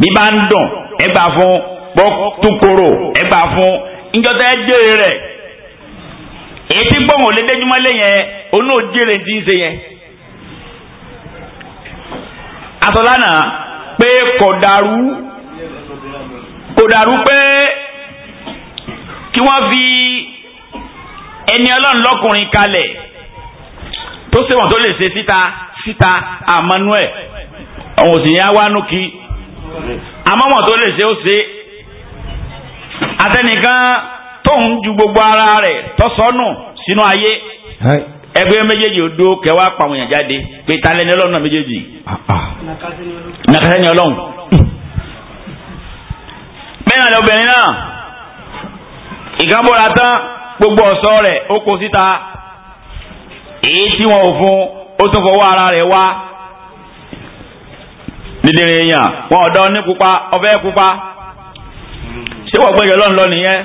C: bí bá ń dùn ẹ gbà fún bọ́ túkòrò ẹ gbà fún njọ́tà jèrè rẹ̀ èyí tí gbọ́n ò lé déjúmọ́lé yẹn onú òjèrè ti ń ṣe yẹn asọ́lánà pé kò kò dàrú pé kí wọ́n fi ẹni ọlọ́run lọ́kùnrin kalẹ̀ tó ṣèwọ̀n tó lè ṣe síta síta àmọ́núẹ̀ ọ̀hún òsì yẹn wá núkì àmọ́ wọn tó lè ṣe ó ṣe àtẹnìkan tóun ju gbogbo ara rẹ̀ tọ́sọ́nù sínú ayé ẹgbẹ́ méjèèjì ó dó kẹwàá pàwọn èèyàn jáde pé ta lẹ́ni ọlọ́run náà méjèèjì ah,
A: ah. nàkàtà
C: ni ọlọ́run bẹ́ẹ̀ náà lóbìnrin náà ìkábọ̀ra tán gbogbo ọ̀ṣọ́ rẹ̀ ó kó síta èyí tí wọn ò fún ó tún fọwọ́ ara rẹ̀ wá dídìrín èèyàn wọn ọ̀dọ́ ní pupa ọ̀fẹ́ pupa ṣé wọ́n gbẹ́jọ́ lọ́nù lọ nìyẹn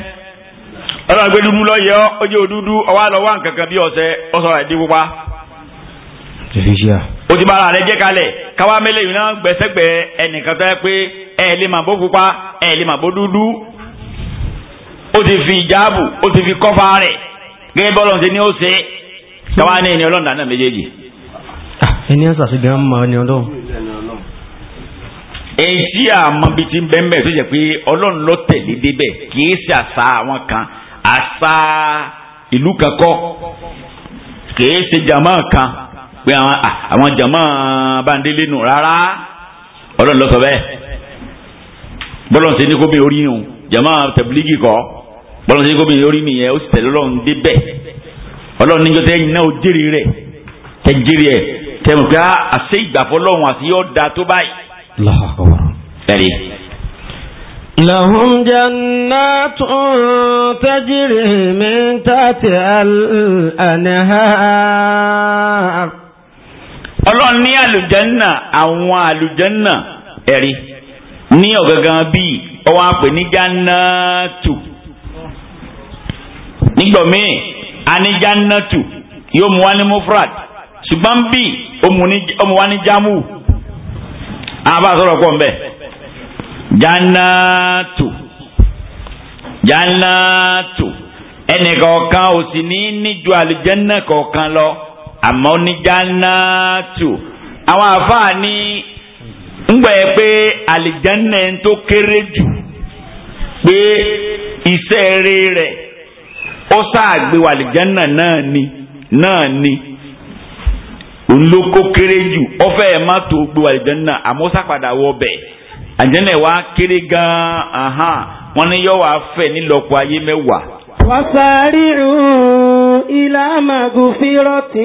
C: ọlọ́run gbé dúdú lọ́yẹ̀ ọ́ ó jẹ́ òdúdú ọwọ́ àlọ́wọ́ nǹkan kan bí ọ̀sẹ̀ ọ̀sọ̀ rẹ̀ dín pupa o ti bára rẹ jẹ́ kalẹ̀ káwá mẹ́lẹ̀ yìí náà gbẹ́sẹ̀gbẹ́ ẹnìkan tó yẹ pé ẹ lè mà bó pupa ẹ lè mà bó dúdú o ti fi ìjáàbù o ti fi kọ́fà rẹ̀ gẹ́gẹ́ bí ọlọ́run ti ní ó ṣe káwá ní ẹni ọlọ́run dáná méjèèjì. ẹni ẹ̀sà sí gan mọ ẹni ọlọ́run. èyí tí àmọ́ bíi ti ń tó jẹ́ pé ọlọ́run ló tẹ̀lé débẹ̀ kì í ṣe àṣà àwọn kan àṣà ìlú kan kì í ṣe jàmá kan pé àwọn jàmọ́ bandele nù rárá ọlọ́run ló bẹ́ẹ̀ bọ́lọ̀ ṣe ní kó mi orí nù jàmọ́ tẹ̀bílígì kọ́ bọ́lọ̀ ṣe ní kó mi orí nìyẹn ó sì tẹ̀lé ọlọ́run débẹ̀ ọlọ́run níjọ́ tẹ́ ẹ̀yin náà ó jèrè rẹ̀ tẹ́ jèrè ẹ̀ tẹ́ mọ̀ pé ah, àṣẹ ìgbàfọ́ lọ́run àti yóò da tó báyìí.
A: لهم جنات تجري من تحتها
C: الأنهار ọlọ́run ní àlùjànnà àwọn àlùjànnà ẹ̀rí ní ọ̀gángan bíi ọwọ́ àpè ní jannatu nígbà míì a ní jannatu yóò mú wa ní mufrad ṣùgbọ́n bíi ó mú wa ní jamu àbá sọ̀rọ̀ pọ̀ mbẹ́ jannatu jannatu ẹnì kọ̀ọ̀kan ò sì ní ní ju àlùjànnà kọ̀ọ̀kan lọ. àmọ́ ní jannatu àwọn àfáà ní ngbà yẹ pé àlìjánná tó kéré jù pé iṣẹ́ rẹ̀ ó sáàgbé wà náà ni náà ni olóko kéré jù ọfẹ́ ẹ̀ má tó gbé wà àmọ́ àmọ́ sápadà wọ bẹ̀ ẹ̀ wá kéré gan-an yọ wá fẹ̀
A: وسارعوا إلى مغفرة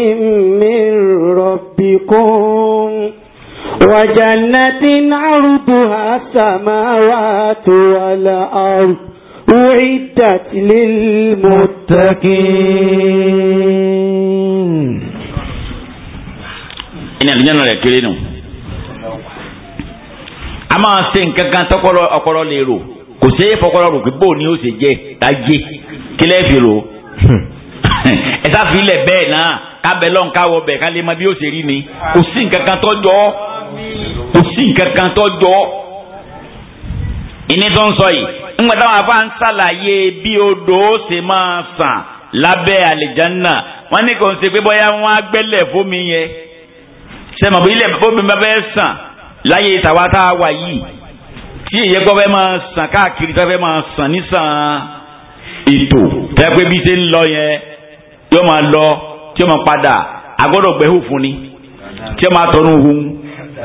A: من ربكم وجنة عرضها السماوات والأرض أعدت للمتقين
C: إن الجنة لكلينو أَمَا سين كان تقرأ أقرأ ليرو kò sí fọkọrọ rò pé bóun ni ó ṣe jẹ láyé kílẹ̀ fi rò
B: <laughs>
C: ẹ sáfilẹ̀ bẹ́ẹ̀ náà kábẹ́ lọ́n káwọ́ bẹ̀ ká lè mọ bí ó ṣe rí ni kò sí nǹkan kan tọ́jọ́ kò sí nǹkan kan tọ́jọ́ ìní tó ń sọ yìí ńgbà táwọn afá ń ṣàlàyé bí odò ó ṣe máa sàn lábẹ́ àlìjánná wọ́n ní kò ń ṣe pé bóyá wọ́n á gbẹ́lẹ̀ fómi yẹn sẹ́mọ̀ bí ilẹ̀ fómi bá fẹ́ sàn láyé ìtàwá wà yìí tí èyẹ fẹ́ máa sàn káàkiri fẹ́ máa sàn nísàn ètò tẹ́gbẹ́ bí ṣe ń lọ yẹn yóò máa lọ tí yóò máa padà agbọ́dọ̀ gbẹ́hù fún ni tí yóò máa tọ́nu hun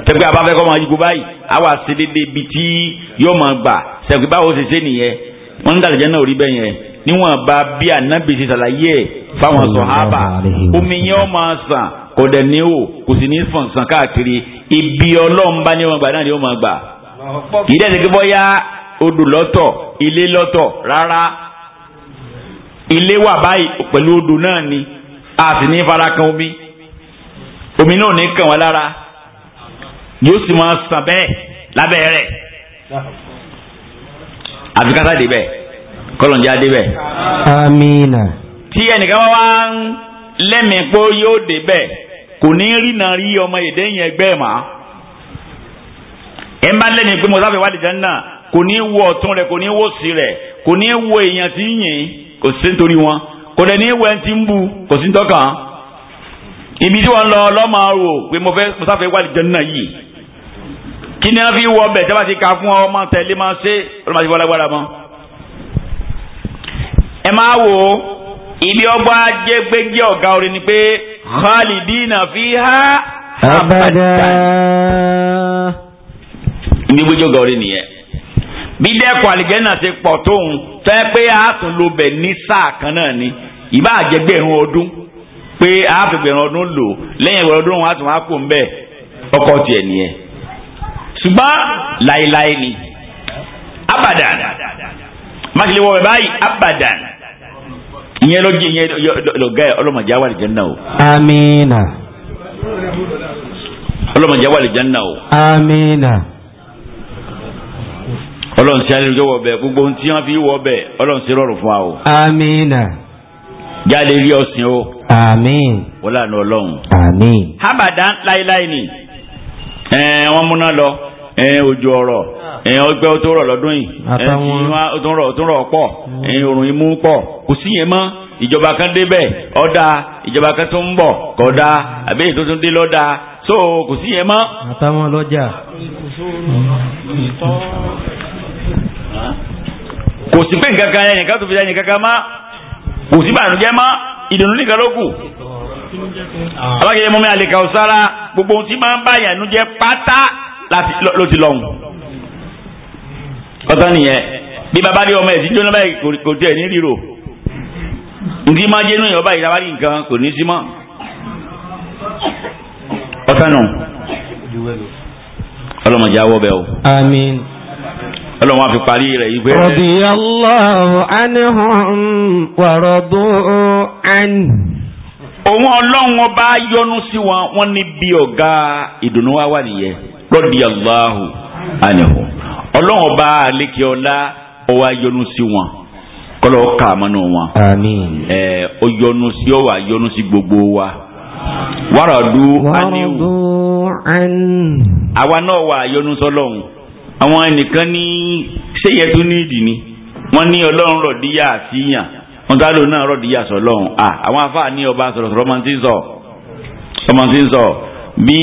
C: tẹ́gbẹ́ abáfẹ́ kọ́ máa yí gbó báyìí àwa ṣe déédéé bi tí yóò máa gbà sẹ́gbẹ́ báwo ṣe ṣe nìyẹn wọ́n ń dàgbẹ́ náà rí bẹ́ẹ̀ yẹn níwọ̀n bá bí ànábì ṣe ṣàlàyé ẹ̀ fáwọn sọ̀hábà omi yẹn ó máa sàn kò dẹ̀ ní o kò sì ní fọ̀n sàn káàkiri ibi ọlọ́run bá ní gbà náà ni ó máa gbà kì í dẹ̀ ṣe kí bọ́yá odò lọ́tọ̀ ilé lọ́tọ̀ rárá ilé wà báyìí pẹ̀lú odò náà ni a sì ní fara kan omi omi náà ní kàn wá lára yóò sì máa sàn bẹ́ẹ̀ lábẹ́ rẹ̀ àfi kásá débẹ̀ kọlọ̀njá débẹ̀.
A: amiina.
C: tí ẹnìkan wá ń lẹ́mìí pé yóò débẹ̀ kò ní rìnnà rí ọmọ èdè yẹn ẹgbẹ́ mà ẹ má lẹ́mìí pé mo sáfẹ́ wá dìjà náà kò ní wo ọ̀tún rẹ̀ kò ní wo sí rẹ̀ kò ní wo èèyàn tí ń yìn kò sí nítorí wọn kò dẹ̀ ní wẹ́n ti ń bu kò sí nítorí kan ibi tí wọ́n lọ lọ́mọ rò pé mo fẹ́ mo sáfẹ́ wà náà yìí kí ni wọ́n fi wọ ọbẹ̀ tí wọ́n ti ka fún ọmọ tẹ̀lé máa ṣe ọlọ́mọ ti fọ́ mọ́. ẹ máa wo ibi ọgbà jẹgbẹjẹ ọ̀gá orin ni pé khalidina fiha abada. ibi gbẹjọ ọ̀gá orin nìyẹn bí dẹ́kun àlìjẹ́nà ti pọ̀ tóun tó yẹ pé àátún ló bẹ̀ ní sáà kan náà ni ìbá àjẹgbẹ̀rún ọdún pé àáfẹ̀gbẹ̀rún ọdún lò lẹ́yìn ìgbẹ̀rún ọdún wọn á tún wá kó ń bẹ̀ ọkọ tiẹ̀ nìyẹn ṣùgbọ́n láéláé ni abadan máṣẹ́lẹ̀ wọ̀ báyìí abadan ìyẹn ló jẹ ìyẹn lọ́gá ẹ̀ ọlọ́mọdé àwọn àlìjẹ́nà o.
A: amiina.
C: ọlọ́mọdé àwọn àlìjẹ́nà o.
A: amiina
C: ọlọ́run sí alẹ́ ìjọwọ́ bẹ̀ gbogbo ohun tí wọ́n fi wọ́ bẹ̀ ọlọ́run sí rọrùn fún wa o. amiina. jáde rí ọ̀sìn o. amiin. wọlé àná ọlọ́run. amiin. habada láéláé ni wọ́n múná lọ ojú ọ̀rọ̀ ọgbẹ́ tó rọ̀ lọ́dún yìí tó rọ̀ pọ̀ òrùn imú pọ̀ kò sí yẹn mọ́ ìjọba kan débẹ̀ ọ̀dà ìjọba kan tó ń bọ̀ kọ̀dà àbí èyí tó tún dé lọ́dà so kò sí yẹn mọ́.
A: àtàwọn ọlọ́jà
C: kò sí pé nǹkan kan yẹn nǹkan tó fi yẹn nǹkan kan má kò sí bàánújẹ́ má ìdùnnú nìkan ló kù. alákẹ́yẹ mọ́mí àlèkà ọ̀sára gbogbo ohun tí máa ń bá yẹn nújẹ́ pátá ló ti lọ́hùn. ọ̀tá nìyẹn bí bàbá rí ọmọ ẹ̀ sí jóná báyìí kò tiẹ̀ ní ríro nǹkan máa jẹ́ inú yẹn ọba nǹkan kò ní sí mọ́. ọ̀tá nù ọlọ́mọdé awọ́ bẹ́ẹ̀ o ọlọ́run wá fi parí rẹ̀ yí pé. radiyallahu anhum wa radu anhu. òun ọlọ́run ọba yọ́nú sí wọn wọ́n ní bí ọ̀gá ìdùnnú wa wà nìyẹn radiyallahu anhum ọlọ́run ọba àlékè ọlá ọwá yọ́nú sí wọn kọ́lọ́ ká mọ́nú wọn. àmín. ẹ ọ yọ́nú sí ọwà yọ́nú sí gbogbo wa wàràdú àníwò àwa náà wà yọ́nú sọ́lọ́hún àwọn ẹnìkan ní ṣéyẹ tún ní ìdì ni wọ́n ní ọlọ́run rọ̀díyà àfihàn wọ́n tá ló náà rọ̀díyà sọlọ́run à àwọn afáà ní ọba sọ̀rọ̀sọ̀rọ̀ máa ti ń sọ ọmọ ti ń sọ bí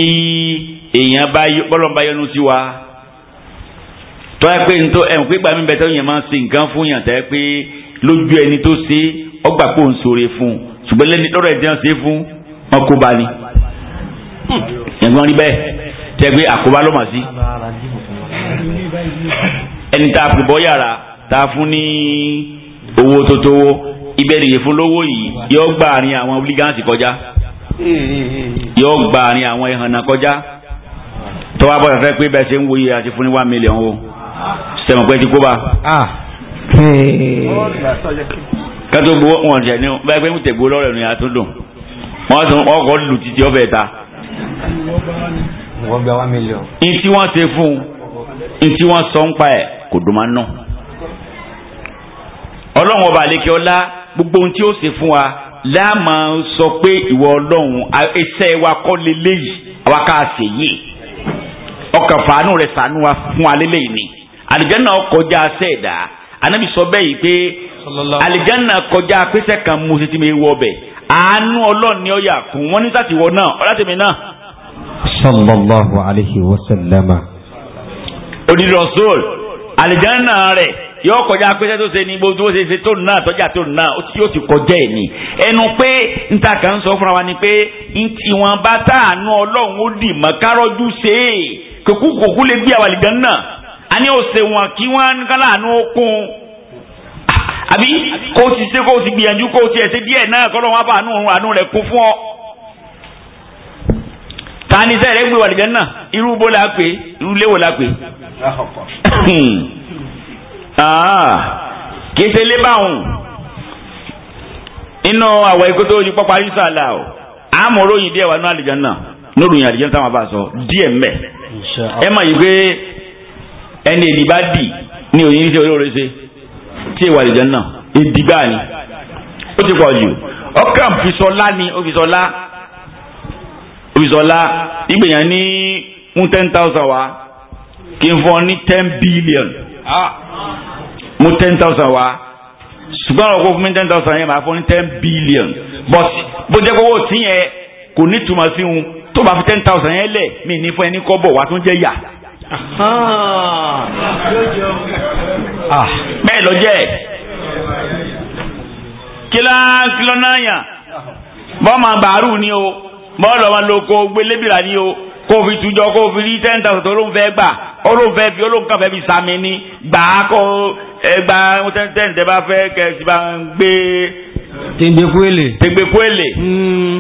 C: èèyàn bá bọ́lọ́n bá yọnu sí wa tọ́ ẹ pé nítorí ẹ̀wọ̀n pípa mi bẹ̀ tẹ́wọ̀n yẹn máa ń ṣe nǹkan fún yàn tẹ́ pé lójú ẹni tó ṣe ọgbà pò ń sòrè fún un ṣùgbọ́n lẹ́ni lọ́rọ̀ ẹ̀ díẹ̀ ṣe fún wọn kó ba ni hmm, ẹ̀gbọ́n rí bẹ́ẹ̀ tẹ́ pé àkóbá lọ́mọ̀ sí ẹni tá a fi bọ́ yàrá tá a fún ní owó tó tówó ibẹ̀ nìyẹn fún lówó yìí yóò gba àárín àwọn obliganti kọjá yóò gba àárín àwọn ìhànà kọjá tọ́wọ́ abọ́dà fẹ́ pé bẹ́ẹ̀ ṣe ń wòye àti fún ní one million o sẹ̀mọ̀ pé ti kó bá. Ah. kátó gbowó wọn jẹ ní báyìí pé ń tẹ̀ gbowó lọ́rọ̀ ìrìn àtúndò wọn tún ọkọ̀ lù títí ọbẹ̀ ta. wọ́n gba one million. ní tí wọ́n ṣe fún un ntí wọ́n sọ ń pa ẹ̀ kò dùn máa ń nù. ọlọ́run ọba àlekè ọlá gbogbo ohun tí ó ṣe fún wa láàmà sọ pé ìwọ ọlọ́run iṣẹ́ wa kọ́ leléyìí àwa ká ṣe yìí ọkàn fàánù rẹ̀ sànú wa fún aléléyìí ni àlìjáná kọjá sẹ́ẹ̀dá anábì sọ bẹ́ẹ̀ yìí pé àlìjáná kọjá pèsè kan mú sí ti mi wọ ọbẹ̀ àánú ọlọ́run ni ó yà kún wọ́n ní sátìwọ́ náà ọlátìmí náà.
A: sallallahu alayhi wa sallama.
C: odi rasul alijanna rẹ̀ yóò kọjá pẹ́sẹ́ tó ṣe ni gbogbo ṣe ṣe tó náà tọ́jà tó náà ó ti yóò ti kọjá ẹ̀ ni ẹnu pé níta kan fúnra wa ni pé ìwọ̀nba tá àánú ọlọ́run ó dì mọ́ kárọ́jú ṣe é kòkú lè bí àwọn àlìjánnà a ní wọn kí wọ́n kálá àánú okun o ti ṣe kó o ti gbìyànjú kó o ti ẹ̀ ṣe díẹ̀ náà kọ́ lọ́wọ́ bá àánú rẹ̀ kún fún ọ. tani sẹ́rẹ̀ gbé wà lìjẹ́ náà irú bó la pè irú léwò la pè.
B: <coughs>
C: Ah, kì í ṣe lé báwọn inú àwọ̀ ikú tó yí pápá sàlà o àmọ̀ròyìn díẹ̀ wà ní àlìjẹ́ náà lóròyìn àlìjẹ́ táwọn bá sọ díẹ̀ mẹ́ ẹ mọ̀ yìí pé ẹni èdè bá dì ní òyìn ṣe olóore ṣe tí ìwà àlìjẹ́ náà èdè gbáà ni ó ti pọ̀ jù ọkàn fisọ́lá ni ó fisọ́lá. Òbísọ́lá ìgbìyàn ní mú ten thousand wa kí n fọ ní ten billion ah. mú ten thousand wa ṣùgbọ́n ọ̀rọ̀ kó fún mi ten thousand yẹn màá fọ ní ten billion but bó jẹ́ kówó tí yẹn kò ní túmọ̀ sí un tó bá fi ten thousand yẹn lẹ̀ mí ní fún ẹni kọ́bọ̀ wá tó ń jẹ́ yà. Ah, bẹ́ẹ̀ lọ jẹ́ kílá kílọ́nà yàn bọ́ọ̀mà bàárù ni o mọ́ọ̀lọ́ máa lo ko gbélébìrà ni o kó fi tujọ kó fi rí ten thousand olóhùn fẹ́ gbà olóhùn fẹ́ fi olóhùn kan fẹ́ fi sami ni gbà á kó ẹgbà ten bá fẹ́ kẹ ti bá ń gbé. tẹ̀gbẹ́kúélè. tẹ̀gbẹ́kúélè. Hmm.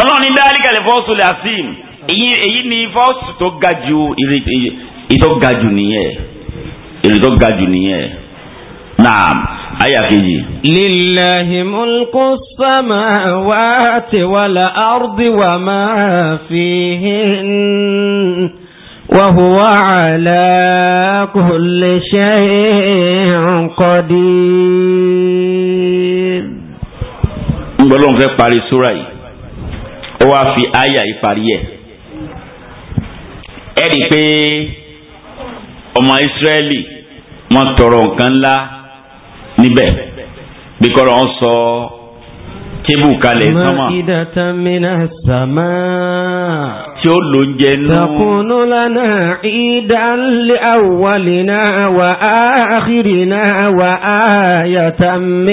C: ọlọ́run dáhàlì kẹlẹ̀ fọ́ọ̀sù lè àṣìm èyí ni fọ́ọ̀sù tó ga jù ìrètò ga jù nìyẹn ìrètò ga jù nìyẹn. Naam. Aya kejì. Lillahi mulku samawati wal ardi
A: wa ma fihin wa huwa ala kulli shay'in qadir.
C: Ngbọ́lọ́n fẹ́ parí súra yìí. Ó wá fi aya yìí parí ẹ̀. Ẹ rí pé ọmọ Ísírẹ́lì wọ́n tọrọ nǹkan ńlá níbẹ̀ bí kọ́ra wọn sọ tébù kalẹ̀ sánmà. sama. tí ó ló ń jẹ nú. takunu
A: lana idan li wa akhirina wa ayatan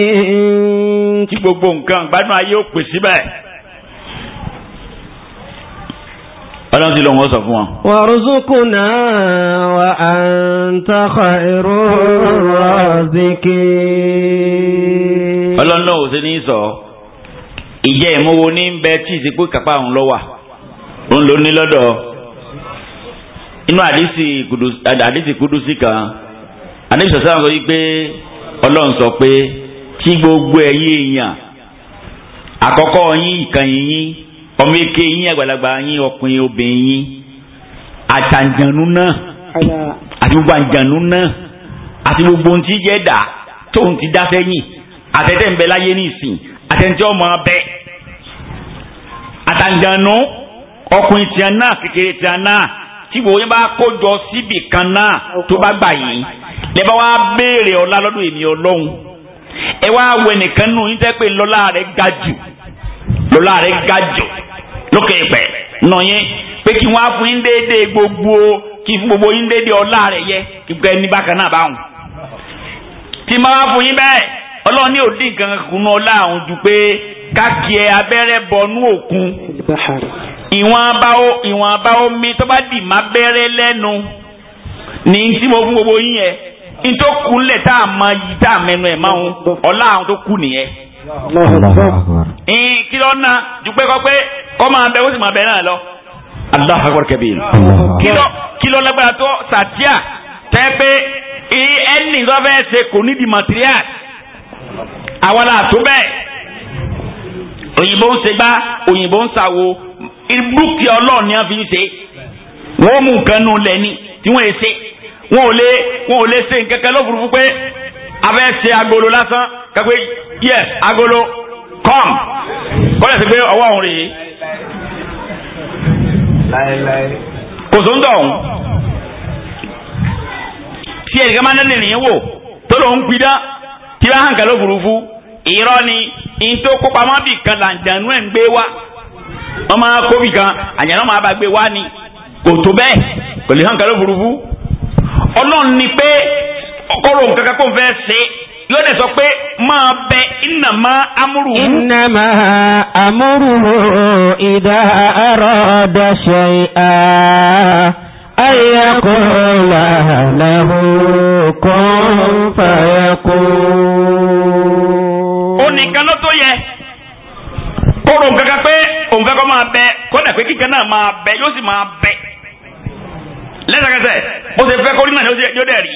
C: tí gbogbo nǹkan gbádùn ayé ó pè síbẹ̀. ọlọ́run ti lọ wọ́n sọ fún wọn.
A: warzuqna wa anta khairur raziqin.
C: ọlọ́run náà ò sí ní sọ ìjẹ́ ìmúwo ní bẹ́ẹ̀ tí ìsìnkú kápá òun lọ́wà òun ló ní lọ́dọ̀ inú àdìsí kúdùsí kan àdìsí sọ́sọ́ sọ wípé ọlọ́run sọ pé tí gbogbo ẹ̀yin èèyàn àkọ́kọ́ yín ìkànnì yín ọmọ eke yín àgbàlagbà yín ọkùnrin obìnrin yín àtàǹjànú náà àti gbogbo àǹjànú náà àti gbogbo ohun tí jẹ́ dà tóun ti dá sẹ́yìn àtẹ̀tẹ̀ ń bẹ láyé nísìn àtẹ̀ntẹ́ ọmọ abẹ àtàǹjànú ọkùnrin tiẹ̀ náà kékeré tiẹ̀ náà tí wòye bá kójọ síbì kan náà tó bá gbà yín lè bá wá béèrè ọlá lọ́dún èmi ọlọ́run ẹ wá wẹ nìkan nù yín tẹ́ pé lọ́lá rẹ̀ ga jù lọ́lá rẹ̀ ga jù. lókè ìpẹ́ nù yín pé kí wọ́n á fún yín gbogbo kí gbogbo ọlá rẹ̀ yẹ kí gbẹ ní bákan náà báwọn. tí mo bá fún yín bẹ́ẹ̀ ọlọ́run ní òdì nǹkan kùnú ọlá àwọn ju pé kákìí abẹ́rẹ́ bọnú òkun ìwọ̀n ìwọ̀n mi tó bá lẹ́nu ní tí mo yẹ tó kú lẹ̀ ọ máa bẹ ó sì máa bẹ náà lọ. Allahu akbar kabir. kìlọ kìlọ lágbára tó sàtíà tẹ́ pé ẹnì tó fẹ́ ṣe kò ní di material àwọn là tó bẹ́ẹ̀ òyìnbó ń ṣe gbá òyìnbó ń ṣàwo ìbúkì ọlọ́ọ̀ ni wọ́n fi ń ṣe wọ́n mú nǹkan nù lẹ́ni tí wọ́n lè ṣe wọn ò lè wọn ò lè ṣe nǹkan kan lọ́fùrúfú pé a fẹ́ ṣe agolo lásán kápẹ́ yẹ agolo come kọ́lá sí gbé ọwọ́ òun rèé kò tó dọ̀ òun tí ẹnìkan máa ń dẹ́nu wò tó ń pidá ni ìtò kópamọ́ bì kan làǹdàánú ẹ̀ ń gbé wá wọ́n máa kó bì kan máa bá gbé ni kò tó bẹ́ẹ̀ kò lè hàn kálọ́ òfurufú ọlọ́run ni pé ọkọ̀ yóò dẹ̀ sọ pé máa bẹ iná máa amúrù. iná
A: máa amúrù ìdá àárọ̀ ọ̀dọ̀ ṣe à ayakọ̀ọ́lá làwọn kan fàyàkọ́. ó
C: nìkan ló tó yẹ kóró nǹkan pé nǹkan kan máa bẹ kódà pé kíkan náà máa bẹ yóò sì máa bẹ lẹ́sẹ̀kẹsẹ̀ bó ṣe fẹ́ kórìí náà yóò dẹ̀ rí.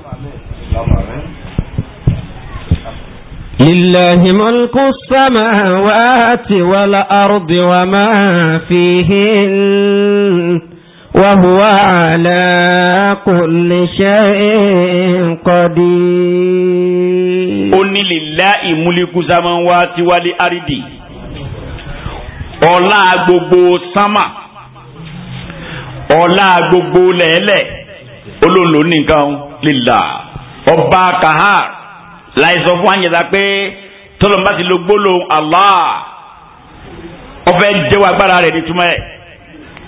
B: لله
A: ملك السماوات والأرض وما فيهن وهو على كل شيء قدير ó
C: ní lillahi mulku samawati wal ardi ọlá gbogbo sámà ọlá gbogbo lẹ́ẹ̀lẹ́ olóńlò nìkan lílà ọba kahar láìsọ fún àyẹ̀dá pé tọ́lọ́mbà ti lo gbólóhùn Allah ọfẹ́ jẹ́wọ́ agbára rẹ̀ ní túmọ̀ ẹ̀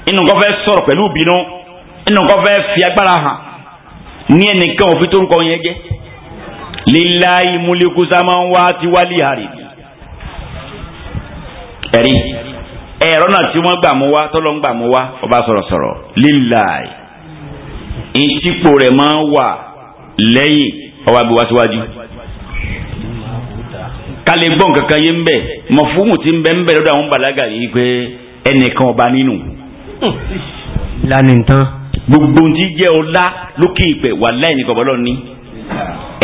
C: inú nǹkan fẹ́ sọ̀rọ̀ pẹ̀lú ìbínú inú nǹkan fẹ́ fi agbára hàn ní ẹnìkan òfin tó ń kọ yẹn jẹ́ lillahi mulku samawati wal ardi ẹ̀rí ẹ̀rọ náà tí wọ́n gbà mú wá tọ́lọ́ ń gbà mú wá ọba sọ̀rọ̀sọ̀rọ̀ lillahi ìtìpó rẹ̀ máa ń wà lẹ́yìn ọwọ́ agbe wá síwájú kálí gbọ́n kankan yé ń bẹ̀ mọ̀ fúnmù tí ń bẹ́ ń bẹ̀ lọ́dọ̀ àwọn balaga yìí pé ẹnìkan ọba nínú. lánìí tán. gbogbo ohun jẹ́ ọlá lókè ìpè wà lẹ́yìnìkan ọba lọ́ni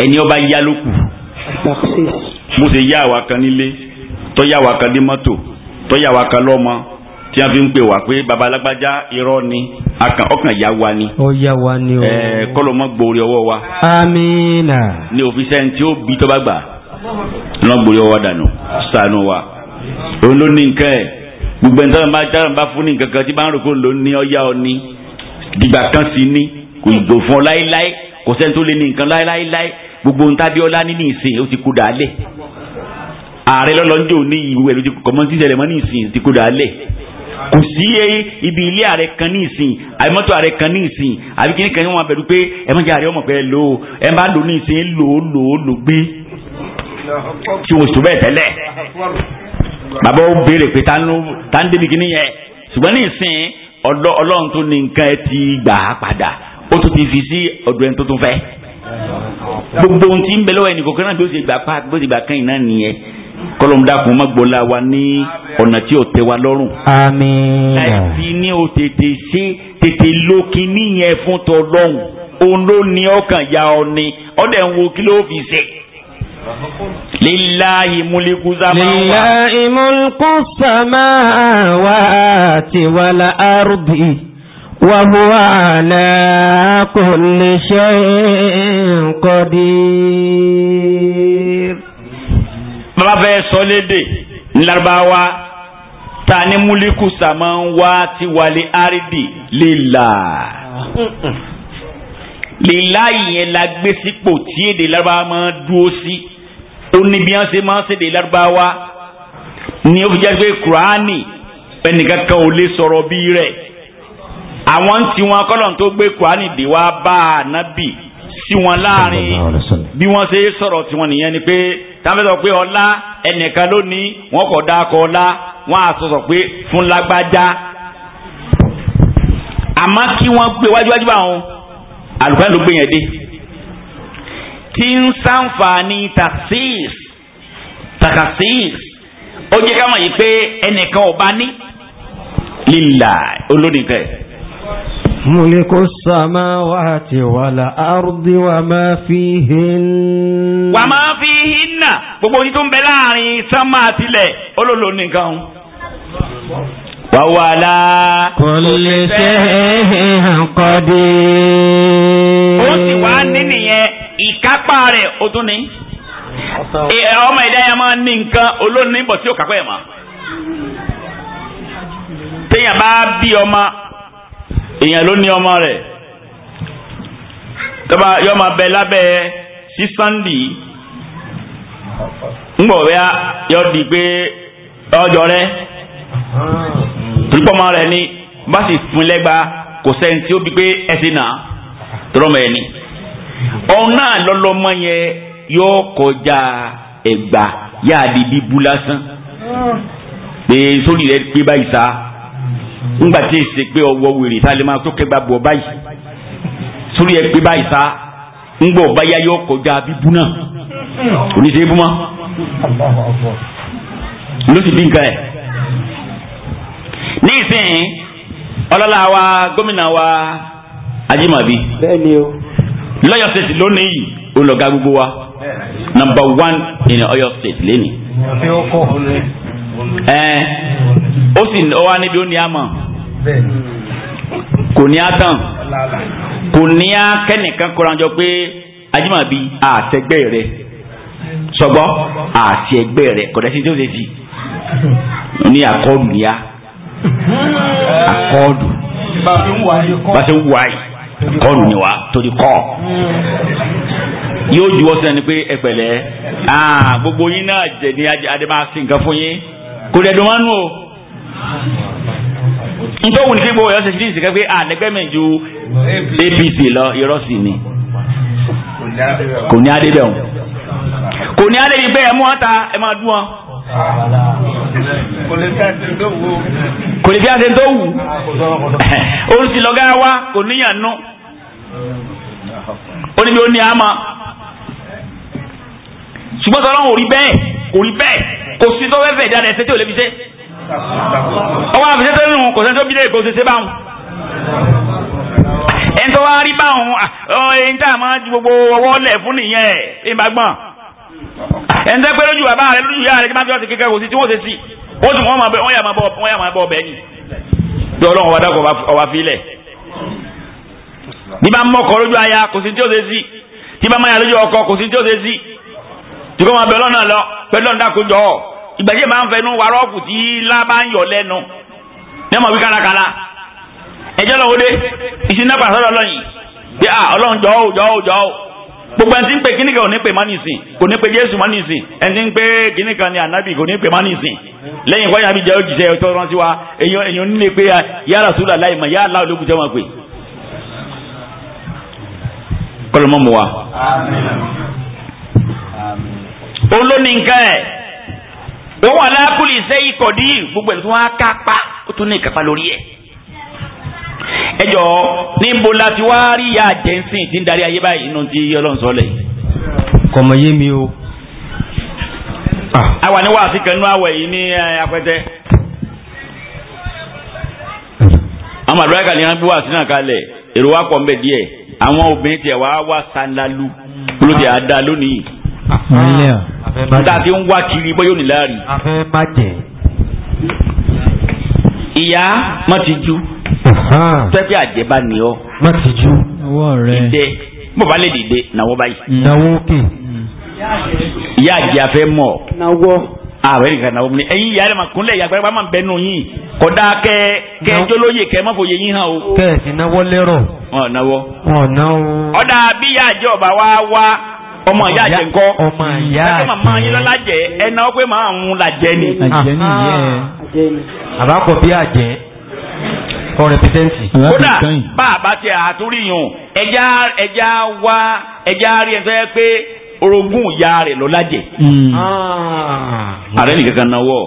C: ẹni ọba yá ló mo sì yá àwa kan nílé tó yá àwa kan dé mọ́tò tó yá àwa kan lọ́mọ tí a fi ń pè wá pé babalágbájá irọ́ ni akàn ọkàn ya wa ni.
A: ó ya wa ni o. ẹẹ
C: kọlọmọ gbòòrè ọwọ́ wa.
A: amiina.
C: ní òfìsẹ́ tí ó bí tọ́ba gbà lọ́n gbòòrè ọwọ́ dànù sànù wa. òun ló ní nǹkan ẹ̀ gbogbo ẹni táwọn bá táwọn bá fún ní nǹkan kan tí bá ń rò kó ló ní ọyá ọ ni dìgbà kan sí ni kò gbò fún ọ láéláé kò sẹ́ni tó lé ní nǹkan láéláéláé gbogbo ohun tábí ọlá ní ní ó ti kú dàálẹ̀ ààrẹ lọ́lọ́njọ́ ní ìwé ẹ̀lú ti kọ́mọ́ntì sẹ̀rẹ̀mọ́ ní ìsìn ti kú dàálẹ̀ kò sí ibi ilé ààrẹ kan ní ìsìn àbí mọ́tò ààrẹ kan ní ìsìn àbí kíní kan ní wọn bẹ̀rù pé ẹ má jẹ́ ààrẹ ọmọ pẹ́ lò ó ẹ má lò ní ìsìn lò ó lò ó lò gbé
B: tí o sùn bẹ́ẹ̀ tẹ́lẹ̀
C: bàbá ó béèrè pé tá ń débi kíní yẹn ṣùgbọ́n ní ìsìn ọ̀dọ̀ ọlọ́run tó ní nǹkan ẹ ti gbà á padà ó tún ti fi sí ọ̀dọ̀ ẹni tó tún fẹ́ gbogbo ohun tí ń bẹ lọ́wọ́ ẹnì kọ̀ọ̀kan náà bí ó ti gbà kọlọ́n dàkún ma gbọ́lá wa ní ọ̀nà tí ò tẹ́ wa lọ́rùn.
A: àmín. láìsí
C: ní o tètè ṣe tètè lo kinní yẹn fún tọlọ́hún òun ló ní ọkàn ya ọ ni ọ̀dẹ̀ ń wo kí ló fi ṣe. Lillahi mulku samawati. Lillahi
A: mulku samawati wal ardi wa huwa ala kulli shay'in qadir
C: bàbá fẹ́ sọ lédè ńlárúbáwá ta ni múlíkù sàmáwá ti wàlé áridì lílà lílà yẹn la gbé sípò tí èdè lárúbáwá máa dúró sí ó ní bí wọ́n ṣe máa ń ṣèdè lárúbáwá ni ó fi jẹ́ pé kùránì ẹnìkan kan ò lè sọ̀rọ̀ bí rẹ̀ àwọn ń tiwọn kọ́lọ̀ tó gbé kùránì dé wá bá a nábì sí wọn láàrin bí wọ́n ṣe sọ̀rọ̀ tiwọn nìyẹn ni pé táwọn sọ pé ọlá ẹnìkan ló ní wọn kò dá akọ ọlá wọn á sọ pé fún lágbájá àmọ́ kí wọ́n gbé wájúwájú báwọn àlùfáà ló gbé yẹn dé tí ń sàǹfààní taxis taxis ó jẹ́ ká mọ̀ yìí pé ẹnìkan ọba ní lílà olódìtẹ̀.
A: Múlikú sàmá wà ti wà lá àrùdí wà máa fi hin. Wà
C: máa fi jẹ́nà gbogbo oyin tó ń bẹ láàrin sánmà àtìlẹ̀ olólo nìkan o. wàwàlà. kò lè ṣe àkọ́dé. ó sì wá ní nìyẹn ìkápá rẹ̀ ọma tún ọmọ ìdá yẹn máa ní nǹkan olóòní bọ̀ tí ó kápẹ́ mọ́. téèyàn bá bí ọmọ èèyàn ló ní ọmọ rẹ̀ tọ́ba yọ máa bẹ lábẹ́ ńgbọ̀ bẹ́ẹ̀ yọ di pé ọjọ́ rẹ torípọ̀ máa rẹ ní bá sì fún lẹ́gba kò sẹ́ni tí ó bi pé ẹ ti nà tọrọmọ ẹ ni ọ̀hún náà lọ́lọ́mọ yẹn yóò kọjá ẹ̀gbà yáàdì bíbú lásán pé sórí rẹ pé báyìí sá ńgbà tí èsì pé ọwọ́ wèrè tá tó kẹgbà bọ̀ báyìí sórí ẹ pé báyìí sá ńgbọ̀ báyà yóò kọjá bíbú náà. kò ní ló sì nǹkan wa gómìnà wa ajimabi lọ́yọ̀ state lónìí yìí olùlọ́gá gbogbo wa number one in Ọ̀yọ́ state lónìí. ẹ ó sì wá níbi ó ní àmọ́ kò ní àtàn kò ní kọ́ra jọ pé rẹ̀. sọgbọ́ àti ẹgbẹ́ rẹ̀ kọ̀dẹ́sí tó ṣe sí ní akọ́ọ̀dù níyà akọ́ọ̀dù bá ṣe ń wá yìí akọ́ọ̀dù ni wá torí kọ́ yóò juwọ́ sí ẹni pé ẹ pẹ̀lẹ́ gbogbo yín náà jẹ ní adébáṣe nǹkan fún yín kò dẹ̀ dùn wọ́n nù o nítorí òun ni kí gbogbo ẹ̀yọ́ ṣe ṣe ṣe pé àdẹ́gbẹ́mẹ̀ ju APC lọ irọ́ sí ni kò ní adébẹ̀ kò ní alẹ́ yìí bẹ́ẹ̀ mú wọn ta ẹ máa dún wọn. kò lè fi àṣẹ tó wù. kò lè fi àṣẹ tó wù. olùsìlọ́gá wa kò níyàn nú. ó ní bí ó ní àmà. ṣùgbọ́n sọ́lá ò rí bẹ́ẹ̀ kò rí bẹ́ẹ̀ kò sí tó fẹ́ fẹ́ ìdá rẹ̀ ṣe tí ò lè fi ṣe. ọwọ́ àfẹ́sẹ́ tó nù kò sẹ́ni tó bí lè kó ṣe ṣe báwọn ẹni tó wá rí báwọn ọ ẹni tá a máa ju gbogbo ọwọ́ lẹ̀ fún nìyẹn ìbágbọ́n ẹni tẹ́ pé lójú bàbá rẹ lójú ìyá rẹ kí n bá fi ọ̀sẹ̀ kékeré kò sí tí wọ́n ṣe sí wọ́n sì wọ́n yà máa bọ̀ wọ́n yà máa bọ̀ bẹ́ẹ̀ ni bí ọlọ́run wàdà kò wá filẹ̀ bí bá mọ̀kọ́ lójú aya kò sí tí ó ṣe sí tí bá máa yà lójú ọkọ kò sí tí ó ṣe sí tí kò máa bẹ ọlọ́run náà lọ pẹ̀lú ọ̀dà kò jọ ọ́ ìgbàjẹ́ máa ń fẹnu wa rọ́ọ̀kù tí ilá bá ń yọ lẹ́nu
B: lẹ́mọ̀ wí kárakára
C: ẹjọ́ lọ́wọ́dé ìṣiná pàṣẹ ọlọ́run yìí bí ọlọ́run jọ́ ò jọ́ ò jọ́ ò gbogbo ẹni tí ń pe kíní kan ò ní pe má nìsín kò ní pe jésù má nìsín ẹni tí ń pe kíní kan ní ànábì kò ní pe má nìsín lẹ́yìn kọ́ya mi jẹ́ òjìṣẹ́ ọ̀tọ́ rántí wa èèyàn èèyàn ní lè pe ya Rasulullahi mọ̀ ya Allah olókùn tẹ́ wọn pè. kọ́lọ́ mọ́ mu wa. òun ló ní nǹkan ẹ̀ òun wà lákùlì sẹ́yìn kọ̀dí gbogbo ẹ̀ tó wá kápá ó tún ní ìkápá lórí ẹ̀ ẹ jọ̀ọ́ níbo la ti wá rí ìyá àjẹsìn tí ń darí ayé báyìí inú ti ọlọ́run sọlẹ̀.
A: kọ̀mọ̀ yé mi o.
C: Ah. àwa ni wàásù kanú àwẹ̀ yìí ní apẹtẹ. àwọn àdúrà kan ní wọn bí wàásù náà kalẹ̀ èrò wa pọ̀ ń bẹ díẹ̀ àwọn obìnrin tiẹ̀ wá wá sandalu olóde àdá lónìí. dàbí ah, ah, ń wá kiri bóyá oníláàrí. ìyá má ti ju tẹ́bí àjẹbá ni ọ́.
A: má ti jú. ọwọ́ rẹ. ìdẹ
C: mo bá lè dìde náwó báyìí.
A: Mm. náwó kè.
C: ìyá àjẹ afẹ́ mọ̀. náwó. ààrẹ nìkan náwó mi ẹ̀yin ìyá rẹ̀ máa kúnlẹ̀ ìyá àgbàlagbà máa bẹnu yín kódà kẹ kẹ jólóyè kẹ má fòye yín hàn o. kẹ́ẹ̀sì náwó lérò. ọ̀ náwó. ọ̀ náwó. ọ̀dà bí ìyá àjẹ ọ̀bà wa wá ọmọ ìyá àjẹ ńkọ́ ọmọ ìyá àjẹ màmá yín lọ́la jẹ ẹnà ọpẹ máa ń la jẹ ni. àjẹ nìyẹn.
A: àbákọ̀ bí àjẹ ọ rẹpẹsẹǹtì. kódà
C: bá a bá ti àtúrí yàn ẹja ẹja wá ẹja rí ẹsẹ pé orogún ìyá rẹ̀ ló lájẹ. Hmm. Ah. ààrẹ nìkan kan náwó.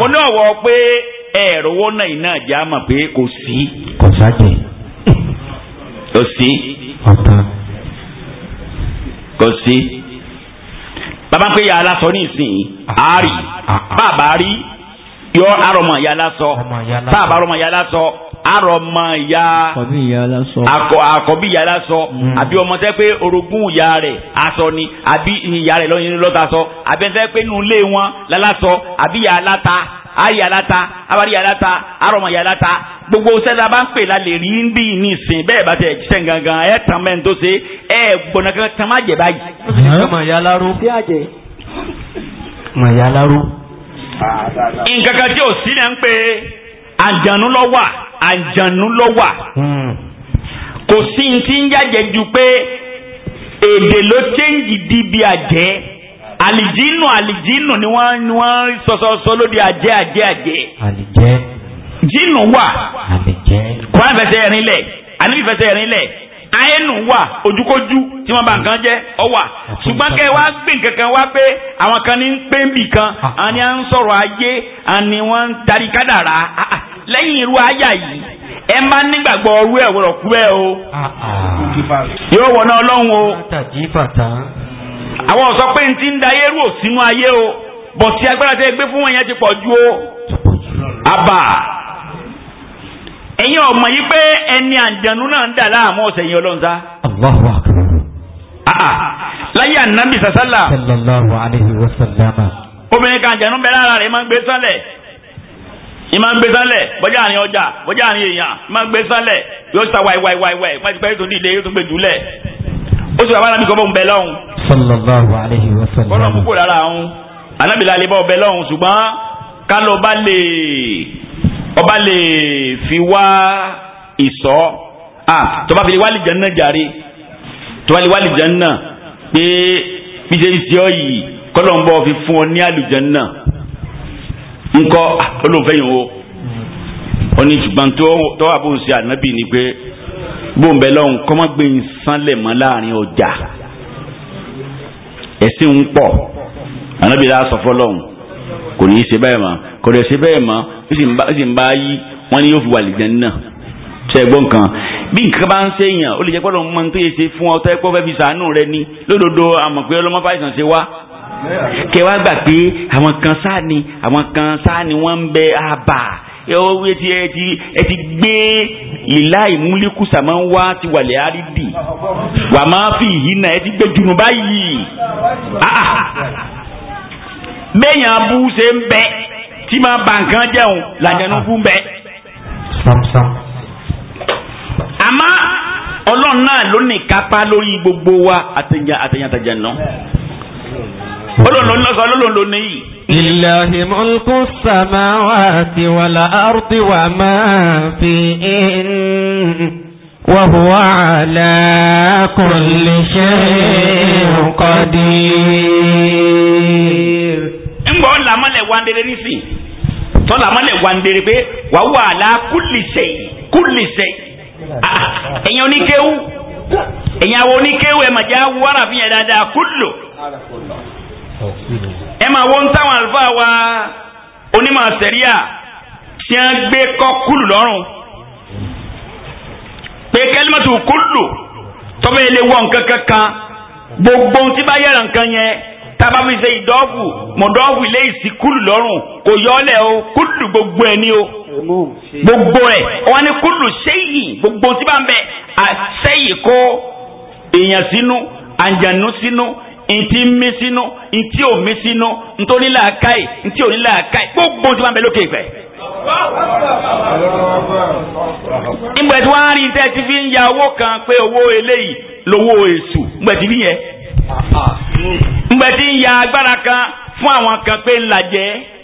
C: mo ní ọ̀wọ́ pé ẹ̀rọwọ́ náà iná ìjà mà pé kò sí. kò sáàjẹ. kò sí. ọ̀tá. kò sí. bàbá pé yàrá sọ ní ìsìn àárí ah, ah, bàbá rí yọ arọmọ yàrá sọ bàbá arọmọ yàrá sọ àrò ọmọ ìyá àkọ́bí ìyá lásọ hmm. àbí ọmọ tẹ́ pé orogún ìyá rẹ̀ aṣọ ni àbí ìyá rẹ̀ lọ́yìn lọ́ta sọ àbí ẹni tẹ́ pé inú ilé wọn lálásọ àbí ìyá aláta àyè aláta abárí aláta àrò ìyá aláta gbogbo sẹ́dá bá ń pè la lè rí ń bí ní ìsìn bẹ́ẹ̀ bá tẹ̀ ṣiṣẹ́ gangan ẹ̀ tàn mẹ́rin tó ṣe ẹ̀ gbọ̀nà kan tán má jẹ̀ báyìí. nǹkan kan tí ò sí náà ń pè àjànú lọ wà àjànú ló wà hmm. kò sí ní ti ń jàjẹ́ ju pé èdè ló chẹ́ǹgì di bí àjẹ́ àlìjínù àlìjínù ni wọ́n ni wọ́n sọsọsọ lóde àjẹ́ àjẹ́ àjẹ́. àlìjẹ́. jínù wà. àlìjẹ́. kọ́ńtà fẹsẹ̀ rìn lẹ̀ fẹsẹ̀ rìn lẹ̀ wà ojúkójú tí wọ́n bá nǹkan jẹ́ ọ wà ṣùgbọ́n kẹ́ wá gbé nǹkan wá pé àwọn kan ní ń kan ah. àwọn ni à ń sọ̀rọ̀ ayé àwọn ni wọ́n ń tarí kádàrá ah, ah. lẹ́yìn irú àyà yìí ẹ má nígbàgbọ́ ọrú ẹ̀ wọ̀rọ̀ kú ẹ o ah, ah. yóò wọ̀ náà ọlọ́run o àwọn ọ̀sọ́ pé n ti ń da ayé rú òsínú ayé o bọ̀ tí agbára tẹ gbé fún wọn yẹn ti pọ̀ ju o àbà ẹ̀yin ọ̀mọ̀ yìí pé ẹni àǹjẹ̀nu náà ń dà láàmú ọ̀sẹ̀ yẹn ọlọ́run sá. Ah, láyé ànábì sàsálà. obìnrin kan àǹjẹ̀nu bẹ́ẹ̀ lára rẹ̀ máa ń gbé sálẹ̀. ìmọ̀ ń gbé sálẹ̀ bọ́jà àárín ọjà bọ́jà àárín èèyàn ìmọ̀ ń gbé sálẹ̀ yóò sa wáì wáì wáì wáì pẹ́ẹ́tì pẹ́ẹ́tì tó dìde yóò tún gbé jùlẹ̀ ó sì wà bára mi kọ́ bọ́ ń bẹ lọ́hùn.
A: sallallahu alaihi wa sallam. bọ́lá púpọ̀
C: lára ọ̀hún anábìlà lè bá ọbẹ̀ lọ́hùn ṣùgbọ́n kálọ̀ ọba lè ọba lè fi wá ìsọ́ tó bá fi lè wá àlìjánnà jàre tó bá lè wá àlìjánnà pé bíjẹ́ ìṣe ọ yìí kọ́lọ́ ń bọ̀ fi fún ọ ní àlìjánnà ńkọ́ olóòfẹ́ yìí wo oní ṣùgbọ́n tó wà bóun ṣe ànábì ni pé bóun bẹ lọ́hùn kọ́mọ́gbìn sánlẹ̀ mọ́ láàrin ọjà ẹ̀sìn ń pọ̀ ànábì la sọ fọlọ́hùn kò ní í ṣe bẹ́ẹ̀ mọ́ kò lè ṣe bẹ́ẹ̀ mọ́ ó sì ń bá yí wọ́n ní yóò fi wà lìjẹ́ náà ṣe é gbọ́n kan bí nǹkan bá ń ṣe èèyàn ó lè jẹ́ pé ọlọ́run máa ń tó yẹ ṣe fún ọ tẹ́ pé ó fẹ́ fi sàánú rẹ ní lódodo àmọ̀ pé ọlọ́mọ kẹwàá gbà pé àwọn kan sáà ni àwọn kan sáà ni wọ́n ń bẹ àbà ẹwọ́ wí ti ẹ ti ẹ ti gbé ìlà ìmúlẹ́kùsà máa ń wá ti wàlẹ̀ àrídì wà máa fi yìí náà ẹ ti gbé jùlọ báyìí
B: ah, ah, ah,
C: bẹ́ẹ̀yàn abú ṣe ń bẹ tí máa ba nǹkan jẹun làjẹnu fún bẹ. àmọ́ ọlọ́run náà ló ní kápá lórí gbogbo wa àtẹ̀yàn àtẹ̀yàn àtẹ̀yàn náà olóńdó lọ́sọ̀ olóńdó ní yìí. Lillahi mulku samawati wal
A: ardi wa ma fihin wa huwa ala
C: kulli shay'in qadir. ń gbọ́ làmọ́lẹ̀ wandere nísìn tọ́ làmọ́lẹ̀ wandere pé wa huwa ala kulli shay'in kulli shay'in ah, ẹ̀yin oníkéwú ẹ̀yin àwọn oníkéwú wàrà fi yẹn dáadáa kúlò
B: ẹ
C: máa wo táwọn àlùfáà wa onímọ̀ sẹ̀ríà tí wọ́n gbé kọ́ kúlù lọ́rùn pé kẹ́límọ̀tò kúlù tọ́bẹ̀ ilé wọ̀ nǹkan kankan gbogbo ohun tí bá yẹ̀rọ nǹkan yẹn tába fi ṣe ìdọ́ọ̀fù mọ̀dọ́ọ̀fù ilé ìsì kúlù lọ́rùn kò yọ ọ́lẹ̀ o kúlù gbogbo ẹ̀ ni o gbogbo ẹ̀ wọ́n ní kúlù ṣéyì gbogbo ohun tí bá ń bẹ àṣẹ́yì kó èèyàn sínú àǹjànú sínú ntí mí sínú ntí ò mí sínú ntóní làákàyè ntí ò ní làákàyè gbogbo tí wọn bẹ lókè ìfẹ́. ìgbà tí wọn rí tẹ́ ti fi ń ya owó kan pé owó eléyìí lówó èṣù ìgbà tí fi ìgbà tí ń ya agbára kan fún àwọn kan pé ńlá